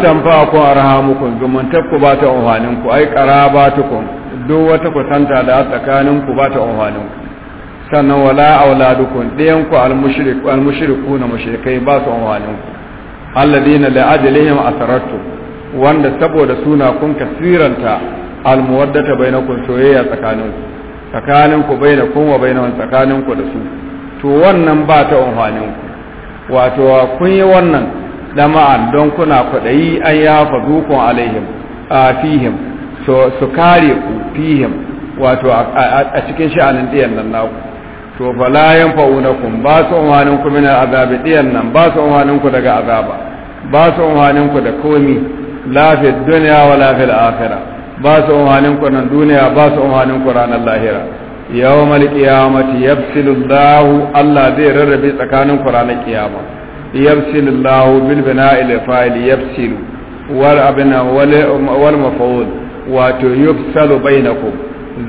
tanfa'akum arhamukum zumuntakku ba ta amfanin ku ai qarabatukum duk wata kusanta da tsakanin ku ba ta amfanin ku sannan wala auladukum ɗayan ku almushrik almushriku na mushrikai ba su amfanin ku alladina la ajlihim asaratu wanda saboda suna kun kasiranta almuwaddata bainakum soyayya tsakanin ku tsakanin ku bainakum wa bainahum tsakanin ku da su to wannan ba ta amfanin ku wato kun yi wannan dama'an don kuna kwaɗayi an ya fadukun alaihim a fihim su kare ku fihim wato a cikin sha'anin ɗiyan nan naku to bala yan fa'unakun ba su umarnin ku min azabi ɗiyan nan ba su umarnin ku daga azaba ba su umarnin ku da komi lafi duniya wa lafi akhirah ba su umarnin ku nan duniya ba su umarnin ku ranar lahira yawmal qiyamati yafsilu Allah Allah zai rarrabe tsakanin ku ranar kiyama يبسل الله بالبناء الفاعل يبسل والابناء والمفعول wato yufsalu bainakum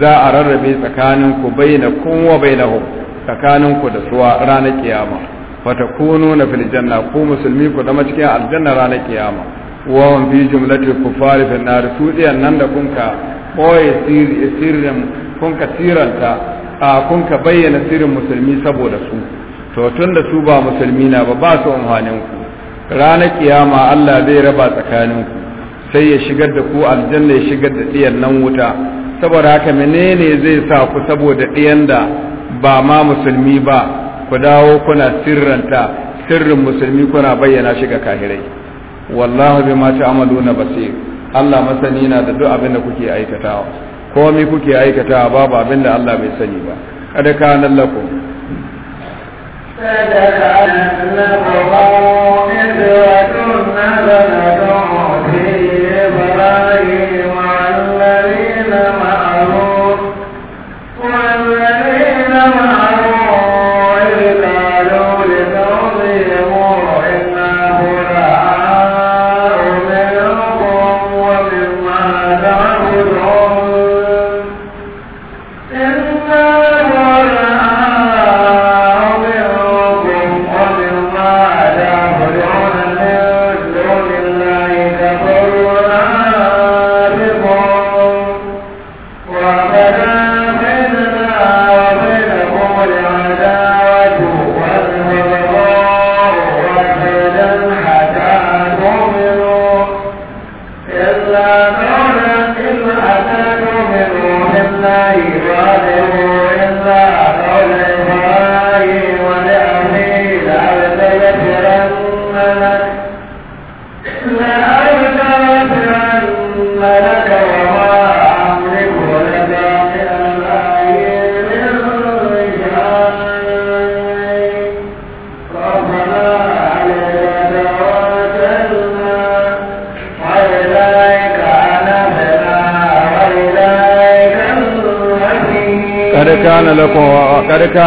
za a rarrabe tsakaninku bainakum wa bainahum tsakaninku da suwa ranar kiyama fatakunu na fil janna ku musulmi ku zama cikin aljanna ranar kiyama wawan hum fi ku kufari fil nar su diyan nan da kunka boye sirrin kunka siranta a kunka bayyana sirrin musulmi saboda su to tun da su ba musulmi na ba ba su amfanin ku ranar kiyama Allah zai raba tsakanin ku sai ya shigar da ku aljanna ya shigar da ɗiyan nan wuta saboda haka menene zai sa ku saboda ɗiyan da ba ma musulmi ba ku dawo kuna sirranta sirrin musulmi kuna bayyana shi ga kahirai wallahu bima na basir Allah masani na da duk abin da kuke aikatawa komai kuke aikatawa babu abin da Allah bai sani ba kada nan lakum فدخلت له إخوة حسنة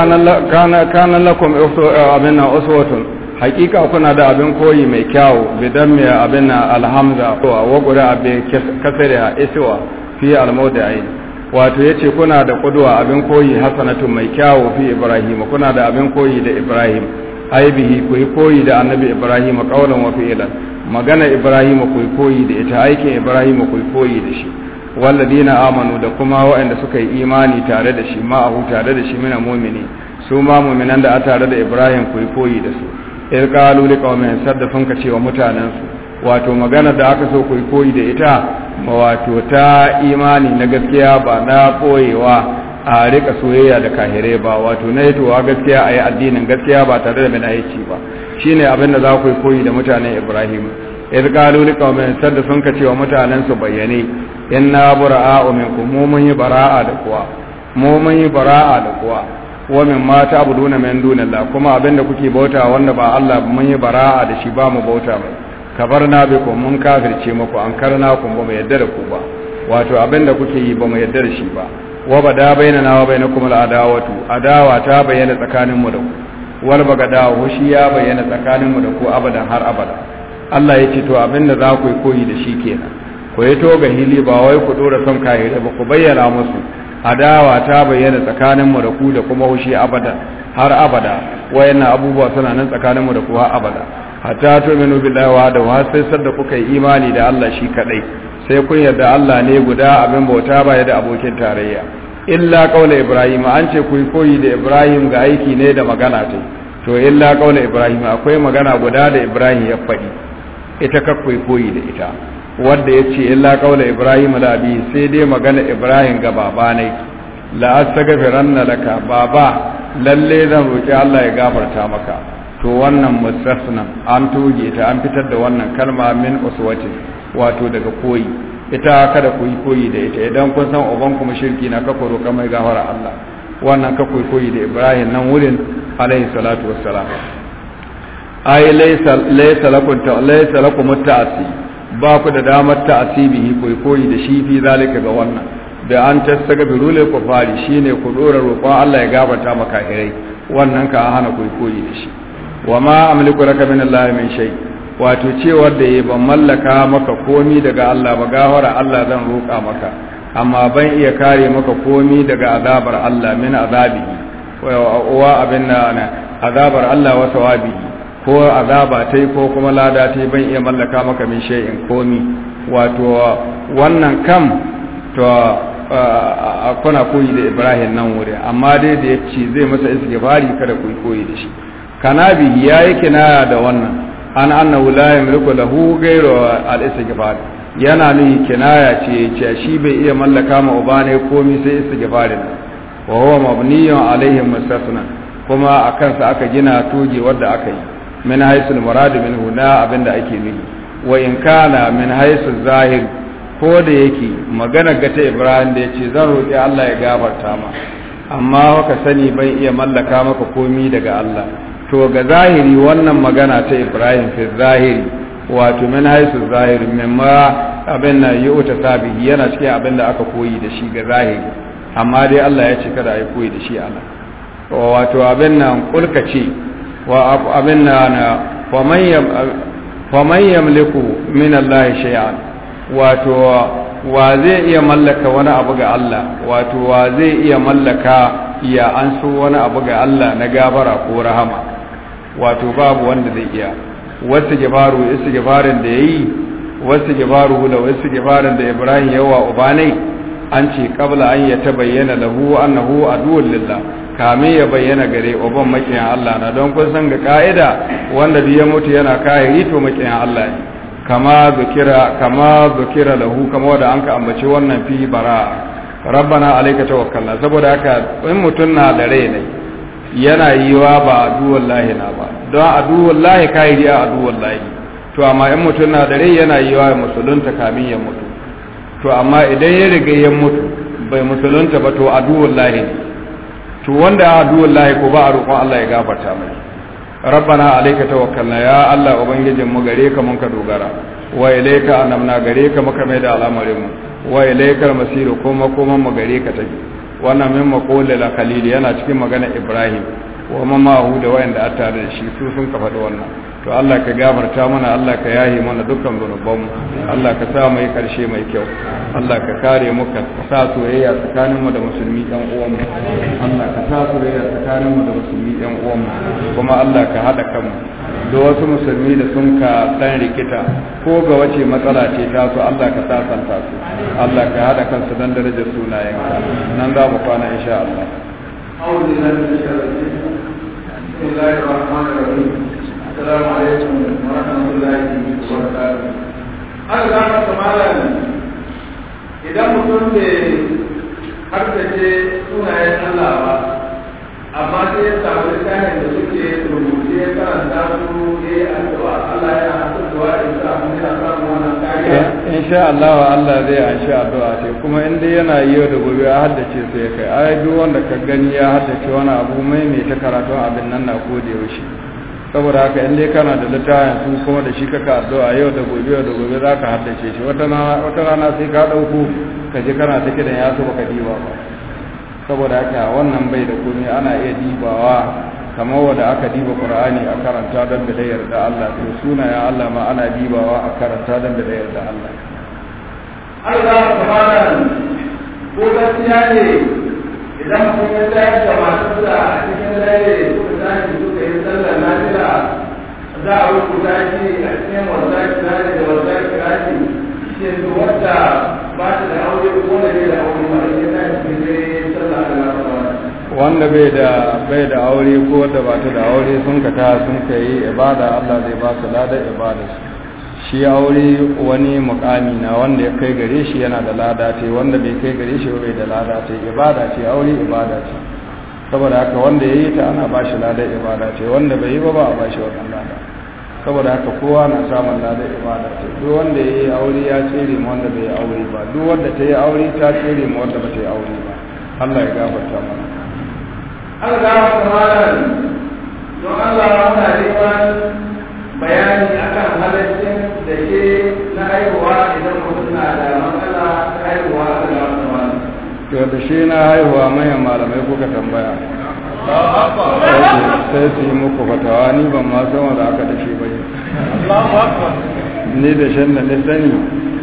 kana lakum eh, abin na uswatun hakika kuna da abin koyi mai kyau bidan mai abin na alhamza wa guda abin kasare a iswa fi almodai wato yace kuna da kuduwa abin koyi hasanatu mai kyau fi ibrahim kuna da abin koyi da ibrahim aibihi ku yi koyi da annabi ibrahim kaulan wa fi'lan magana ibrahim ku yi koyi da ita aikin ibrahim ku yi koyi da shi na amanu da kuma waɗanda suka yi imani tare da shi ma'ahu tare da shi mina su ma muminan da a tare da ibrahim ku yi koyi da su ir qalu liqaumin sadda sun ka cewa mutanen su wato magana da aka so ku da ita ma wato ta imani na gaskiya ba na koyewa a rika soyayya da kahire ba wato na yi towa gaskiya a yi addinin gaskiya ba tare da mina ba shine abin da za ku yi koyi da mutanen ibrahim ir qalu liqaumin sadda sun ka cewa mutanen su bayyane na bura'a minkum mu mun yi bara'a da kuwa mu mun yi bara'a da kuwa wa min ma ta'buduna min dunillah kuma abinda kuke bauta wanda ba Allah mun yi bara'a da shi ba mu bauta ba kabarna ku mun kafirce muku an karna ku ba mu yadda da ku ba wato abinda kuke yi ba mu yadda da shi ba wa bada bainana wa bainakum al'adawatu adawa ta bayyana tsakanin mu da ku wal bagada hushi ya bayyana tsakanin mu da ku abadan har abada Allah ya ce to abinda za ku yi koyi da shi kenan ku yi toga hili ba wai ku dora son kahire ba ku bayyana musu adawa ta bayyana tsakanin mu da ku da kuma hushi abada har abada wayannan abubuwa suna nan tsakanin mu da ku har abada hatta tu'minu billahi wa da wa sai sadda kuka yi imani da Allah shi kadai sai kun yarda Allah ne guda abin bauta ba ya da abokin tarayya illa qaula ibrahim an ce ku koyi da ibrahim ga aiki ne da magana ta to illa qaula ibrahim akwai magana guda da ibrahim ya faɗi ita kakkoi koyi da ita wanda ya ce illa kaula ibrahim da abi sai dai magana ibrahim ga baba ne la astaghfiranna laka baba lalle zan roki Allah ya gafarta maka to wannan mustasna an toge ta an fitar da wannan kalma min uswati wato daga koyi ita kada ku yi koyi da ita idan kun san uban ku mushriki na ka koro kamar gafara Allah wannan ka koyi koyi da Ibrahim nan wurin alayhi salatu wassalam ai laysa laysa lakum laysa lakum ta'asi ba ku da damar ta asibihi ku koyi da shi fi zalika ga wannan da an rule ku fari shine ku dora roƙon Allah ya gabata maka kai wannan ka hana ku koyi da shi wa ma amliku raka min Allah min shay wato cewar da ban mallaka maka komi daga Allah ba gawara Allah zan roƙa maka amma ban iya kare maka komi daga azabar Allah min azabihi wa abin ana azabar Allah wa sawabihi ko azaba ta yi ko kuma lada ta yi ban iya mallaka maka min shay'in komi wato wannan kam to kuna koyi da ibrahim nan wuri amma dai da ya zai masa istighfari kada ku koyi da shi kanabi ya yi kinaya da wannan an anna la yamliku lahu ghayru al-istighfar yana ni kinaya ce ce shi bai iya mallaka ma uba ne komi sai istighfarin wa huwa mabniyun alaihi mustasna kuma akan sa aka gina toje wanda aka yi min haisul muradu min huna abinda ake nufi wa in kana min haisul zahir ko da yake magana ga ta ibrahim da ya ce zan roƙi allah ya gafarta ma amma haka sani ban iya mallaka maka komi daga allah to ga zahiri wannan magana ta ibrahim fi zahiri wato min haisu zahiri mimma abin na yi uta sabihi yana cikin abin da aka koyi da shi ga zahiri amma dai allah ya ce kada a koyi da shi allah wato abin nan kulka ce wa abin na na faman yamliku min wato wa zai iya mallaka wani abu ga Allah wato wa zai iya mallaka ya an so wani abu ga Allah na gabara ko rahama wato babu wanda zai iya wasu gibaru isu gibarin da yayi wasu gibaru da wasu gibarin da Ibrahim yawa ubanai an ce kabla an ya bayyana lahu annahu aduwwul lillah kame ya bayyana gare uban makiyan Allah na don kun san ga ka'ida wanda duk ya mutu yana kai ito makiyan Allah ne kama zukira kama zukira lahu kama wadda an ka ambace wannan fi bara rabbana alayka tawakkalna saboda haka in mutun na da rai ne yana yiwa ba lahi na ba don aduwallahi kai a lahi to amma in mutun na da rai yana yiwa musulunta kamin ya mutu to amma idan ya riga ya mutu bai musulunta ba to aduwul lahi to wanda aduwul lahi ko ba a roƙon Allah ya gafarta mai rabbana alayka tawakkalna ya Allah ubangijin mu gare ka mun ka dogara wa ilayka anamna gare ka muka mai da al'amarin mu wa ilayka al kuma mu gare ka take wannan min maqulil khalil yana cikin magana Ibrahim wa mamahu da wayanda attare da shi su sun ka faɗi wannan to Allah ka gafarta mana Allah ka yahi mana dukkan zunubanmu Allah ka sa mai karshe mai kyau Allah ka kare mu ka sa soyayya tsakaninmu da musulmi ɗan uwanmu Allah ka sa soyayya tsakaninmu da musulmi ɗan uwanmu kuma Allah ka haɗa kanmu da wasu musulmi da sun ka ɗan rikita ko ga wace matsala ce ta su Allah ka sasanta su Allah ka haɗa kansu don darajar sunayenka nan za mu kwana insha Allah. أعوذ بالله من الشيطان الرجيم بسم الله الرحمن الرحيم السلام عليكم ورحمة الله وبركاته an gano samarar idan mutum da harkace sunayen Allah ba amma sai ya samu littafin da suke rubuce karanta su ya Allah ya samu wannan kariya insha Allah Allah zai anshi addu'a ce kuma in dai yana yi da gobe ya haddace su ya kai ai duk wanda ka gani ya haddace wani abu mai mai ta karatun abin nan na gode yaushe saboda haka in dai kana da littafin sun kuma da shi kaka addu'a yau da gobe yau da gobe za ka haddace shi wata rana sai ka ɗauko ka je kana ta kidan ya so baka diba ba saboda haka wannan bai da komai ana iya dibawa kamar wanda aka diba qur'ani a karanta don da yarda Allah to sunayen Allah ma ana dibawa a karanta don da yarda Allah Allah subhanahu ko gaskiya ne idan mutum ya tsayar da matarsa a cikin dare suka tashi suka yi sallar nafila za a rubuta shi a cikin wanda kirari da wanda kirari shi yanzu wanda ba ta da aure ko da bai da aure ba ya tashi bai dai sallar da wanda bai da bai da aure ko wanda ba ta da aure sun ka ta sun ka yi ibada Allah zai ba su ladar ibada su shi aure wani mukami na wanda ya kai gare shi yana da lada ce wanda bai kai gare shi bai da lada ce ibada ce aure ibada ce saboda haka wanda ya yi ta ana ba shi lada ibada ce wanda bai yi ba ba a ba shi wannan lada saboda haka kowa na samun lada ibada ce duk wanda ya yi aure ya tsere ma wanda bai yi aure ba duk wanda ta yi aure ta tsere ma wanda ba ta yi aure ba Allah ya gafarta mana ya gafarta mana don Allah ya hada bayani akan halaccin da ke na haihuwa idan mutum na da matsala haihuwa to da shi na haihuwa manyan malamai kuka tambaya sai su yi muku fatawa ni ban ma san wanda aka da shi bai ni da shan da ni sani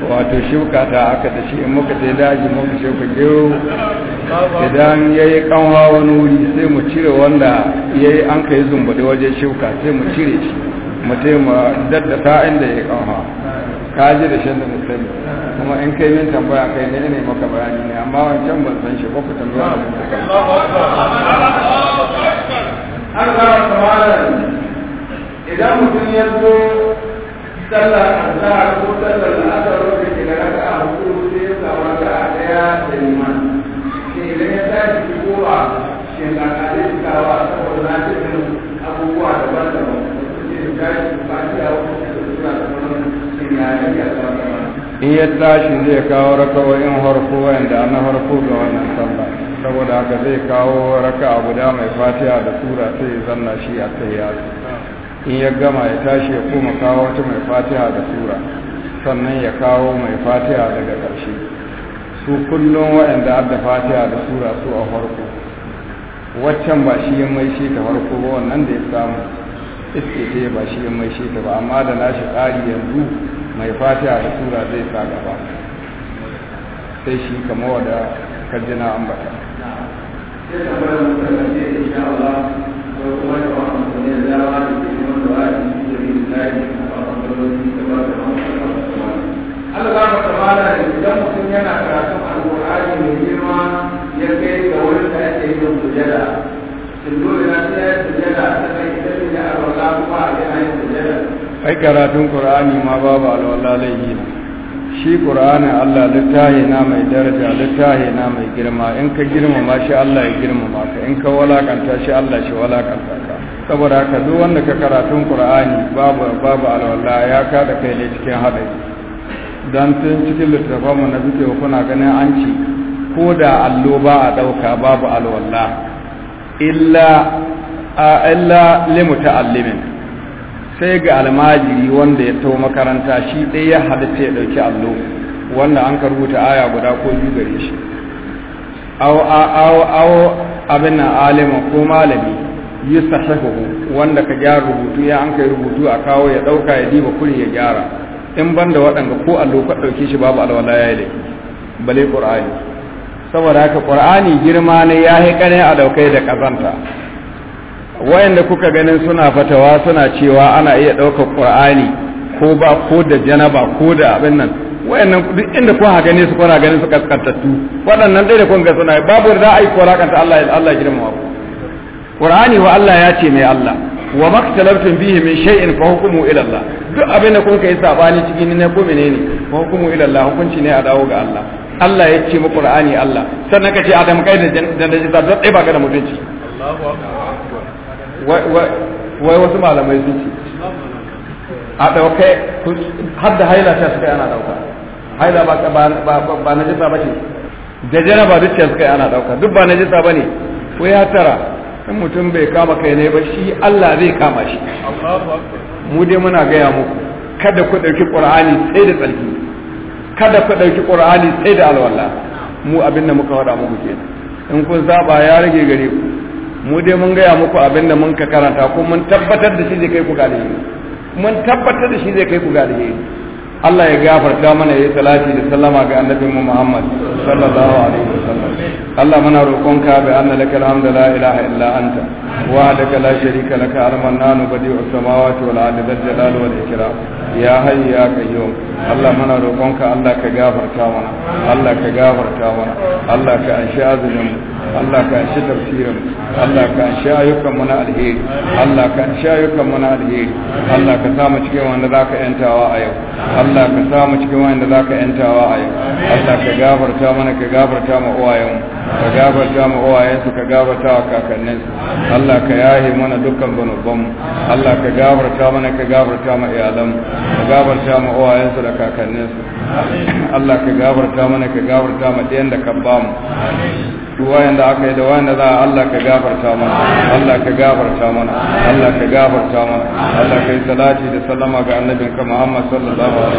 wato shuka ta aka da shi in muka sai daji muka ku gero idan ya yi kanwa wani wuri sai mu cire wanda ya yi an ka yi zumbaɗe wajen shuka sai mu cire shi mutum sa'in da ya kanha ka ji da shan da sani kuma in kai min tambaya kai ne ne maka bayani ne amma wancan ban san shi ba ku tambaya da ta kai har ga samarar idan mutum ya zo sallar azhar ko sallar asar ko da ke da raka a hudu sai ya samu raka a daya da liman shi da ya tashi fitowa shi na kalin kawa saboda na cikin abubuwa daban-daban in ya tashi zai kawo in harko wanda ana harko ga wannan sallah saboda haka zai kawo raka a guda mai fatiha da sura sai zanna shi a kai in ya gama ya tashi ya koma kawo wata mai fatiha da sura sannan ya kawo mai fatiha daga ƙarshe su kullum waɗanda adda fatiha da sura su a farko waccan ba shi ya mai shi ta farko ba wannan da ya samu iske ce ba shi ya mai ta ba amma da nashi ƙari yanzu mai fatiha da tura zai sa gaba sai shi kama wada kajina ambata ba ta mana idan mutum yana karatun mai girma ya kai ga da ake yin sujada. Sun dole na sai sujada ta kai ai karatun ƙura'ani ma babu alwala laihi shi ƙura'anin allah littahi na mai daraja littahi na mai girma in ka girmama shi allah ya girmama ka in ka walakanta shi allah shi walakanta ka saboda haka duk wanda ka karatun ƙura'ani babu babu alwala ya kada kai ne cikin haɗari dan tun cikin littafanmu na zuke kuna ganin an ci ko da allo ba a ɗauka babu alwala illa illa muta'allimin sai ga almajiri wanda ya tawo makaranta shi ɗaya ya halitta ya ɗauki allo wanda an rubuta aya guda ko biyu gare shi aw abin alima ko malami yusahihu wanda ka gyara rubutu ya an kai rubutu a kawo ya ɗauka ya diba kuri ya gyara in banda waɗanda ko allo ka ɗauke shi babu alwala ya yi da bale ƙur'ani saboda haka ƙur'ani girma ne ya haikane a ɗaukai da kazanta wayanda kuka ganin suna fatawa suna cewa ana iya ɗaukar ƙur'ani ko ba ko da janaba ko da abin nan wayannan duk inda kuka gane su kuna ganin su kaskantattu waɗannan dai da kun ga suna babu da ai ko rakanta Allah Allah mu ku Qur'ani wa Allah ya ce mai Allah wa maktalabtum bihi min shay'in fa hukmu ila Allah duk abin da kun kai sabani cikin ne ko menene fa hukmu ila Allah hukunci ne a dawo ga Allah Allah ya ce mu Qur'ani Allah sannan ka ce Adam kai da da da da da da mutunci da da wai wasu malamai sun ce a ɗauka har da haila ta suka ana ɗauka haila ba na jisa ba ce da jana ba duk suka ana ɗauka duk ba na jisa ba ne ko ya tara in mutum bai kama kai ne ba shi Allah zai kama shi mu dai muna gaya muku kada ku ɗauki ƙur'ani sai da tsarki kada ku ɗauki ƙur'ani sai da alwala mu abin da muka faɗa muku kenan in kun saba ya rage gare ku mu dai mun gaya muku abin da mun ka karanta ko mun tabbatar da shi zai kai ku galibi mun tabbatar da shi zai kai ku galibi Allah ya gafarta mana ya yi salati da sallama ga annabin mu Muhammad sallallahu alaihi wasallam Allah muna roƙonka bi anna laka alhamdu la ilaha illa anta wa laka la sharika laka al-mannanu badi'us samawati wal ardi dhal jalali wal ikram ya hayy ya qayyum Allah muna roƙonka Allah ka gafarta mana Allah ka gafarta mana Allah ka anshi azumin Allah ka anshi tafsirin Allah ka anshi ayyukan mu na alheri Allah ka anshi ayyukan mu na alheri Allah ka sa mu cikin wanda zaka yantawa a yau Allah ka sa mu cikin wanda za ka yantawa a yau Allah ka gafarta mana ka gafarta ma uwayen ka gafarta ma uwayen su ka gafarta wa kakanninsu Allah ka yahi mana dukkan zunuban Allah ka gafarta mana ka gafarta ma iyalan ka gafarta ma uwayen su da kakannin su Allah ka gafarta mana ka gafarta ma ɗayan da ka ba mu wayan da aka yi da wayan da za a Allah ka gafarta mana Allah ka gafarta mana Allah ka gafarta mana Allah ka yi salati da salama ga annabin ka Muhammad sallallahu alaihi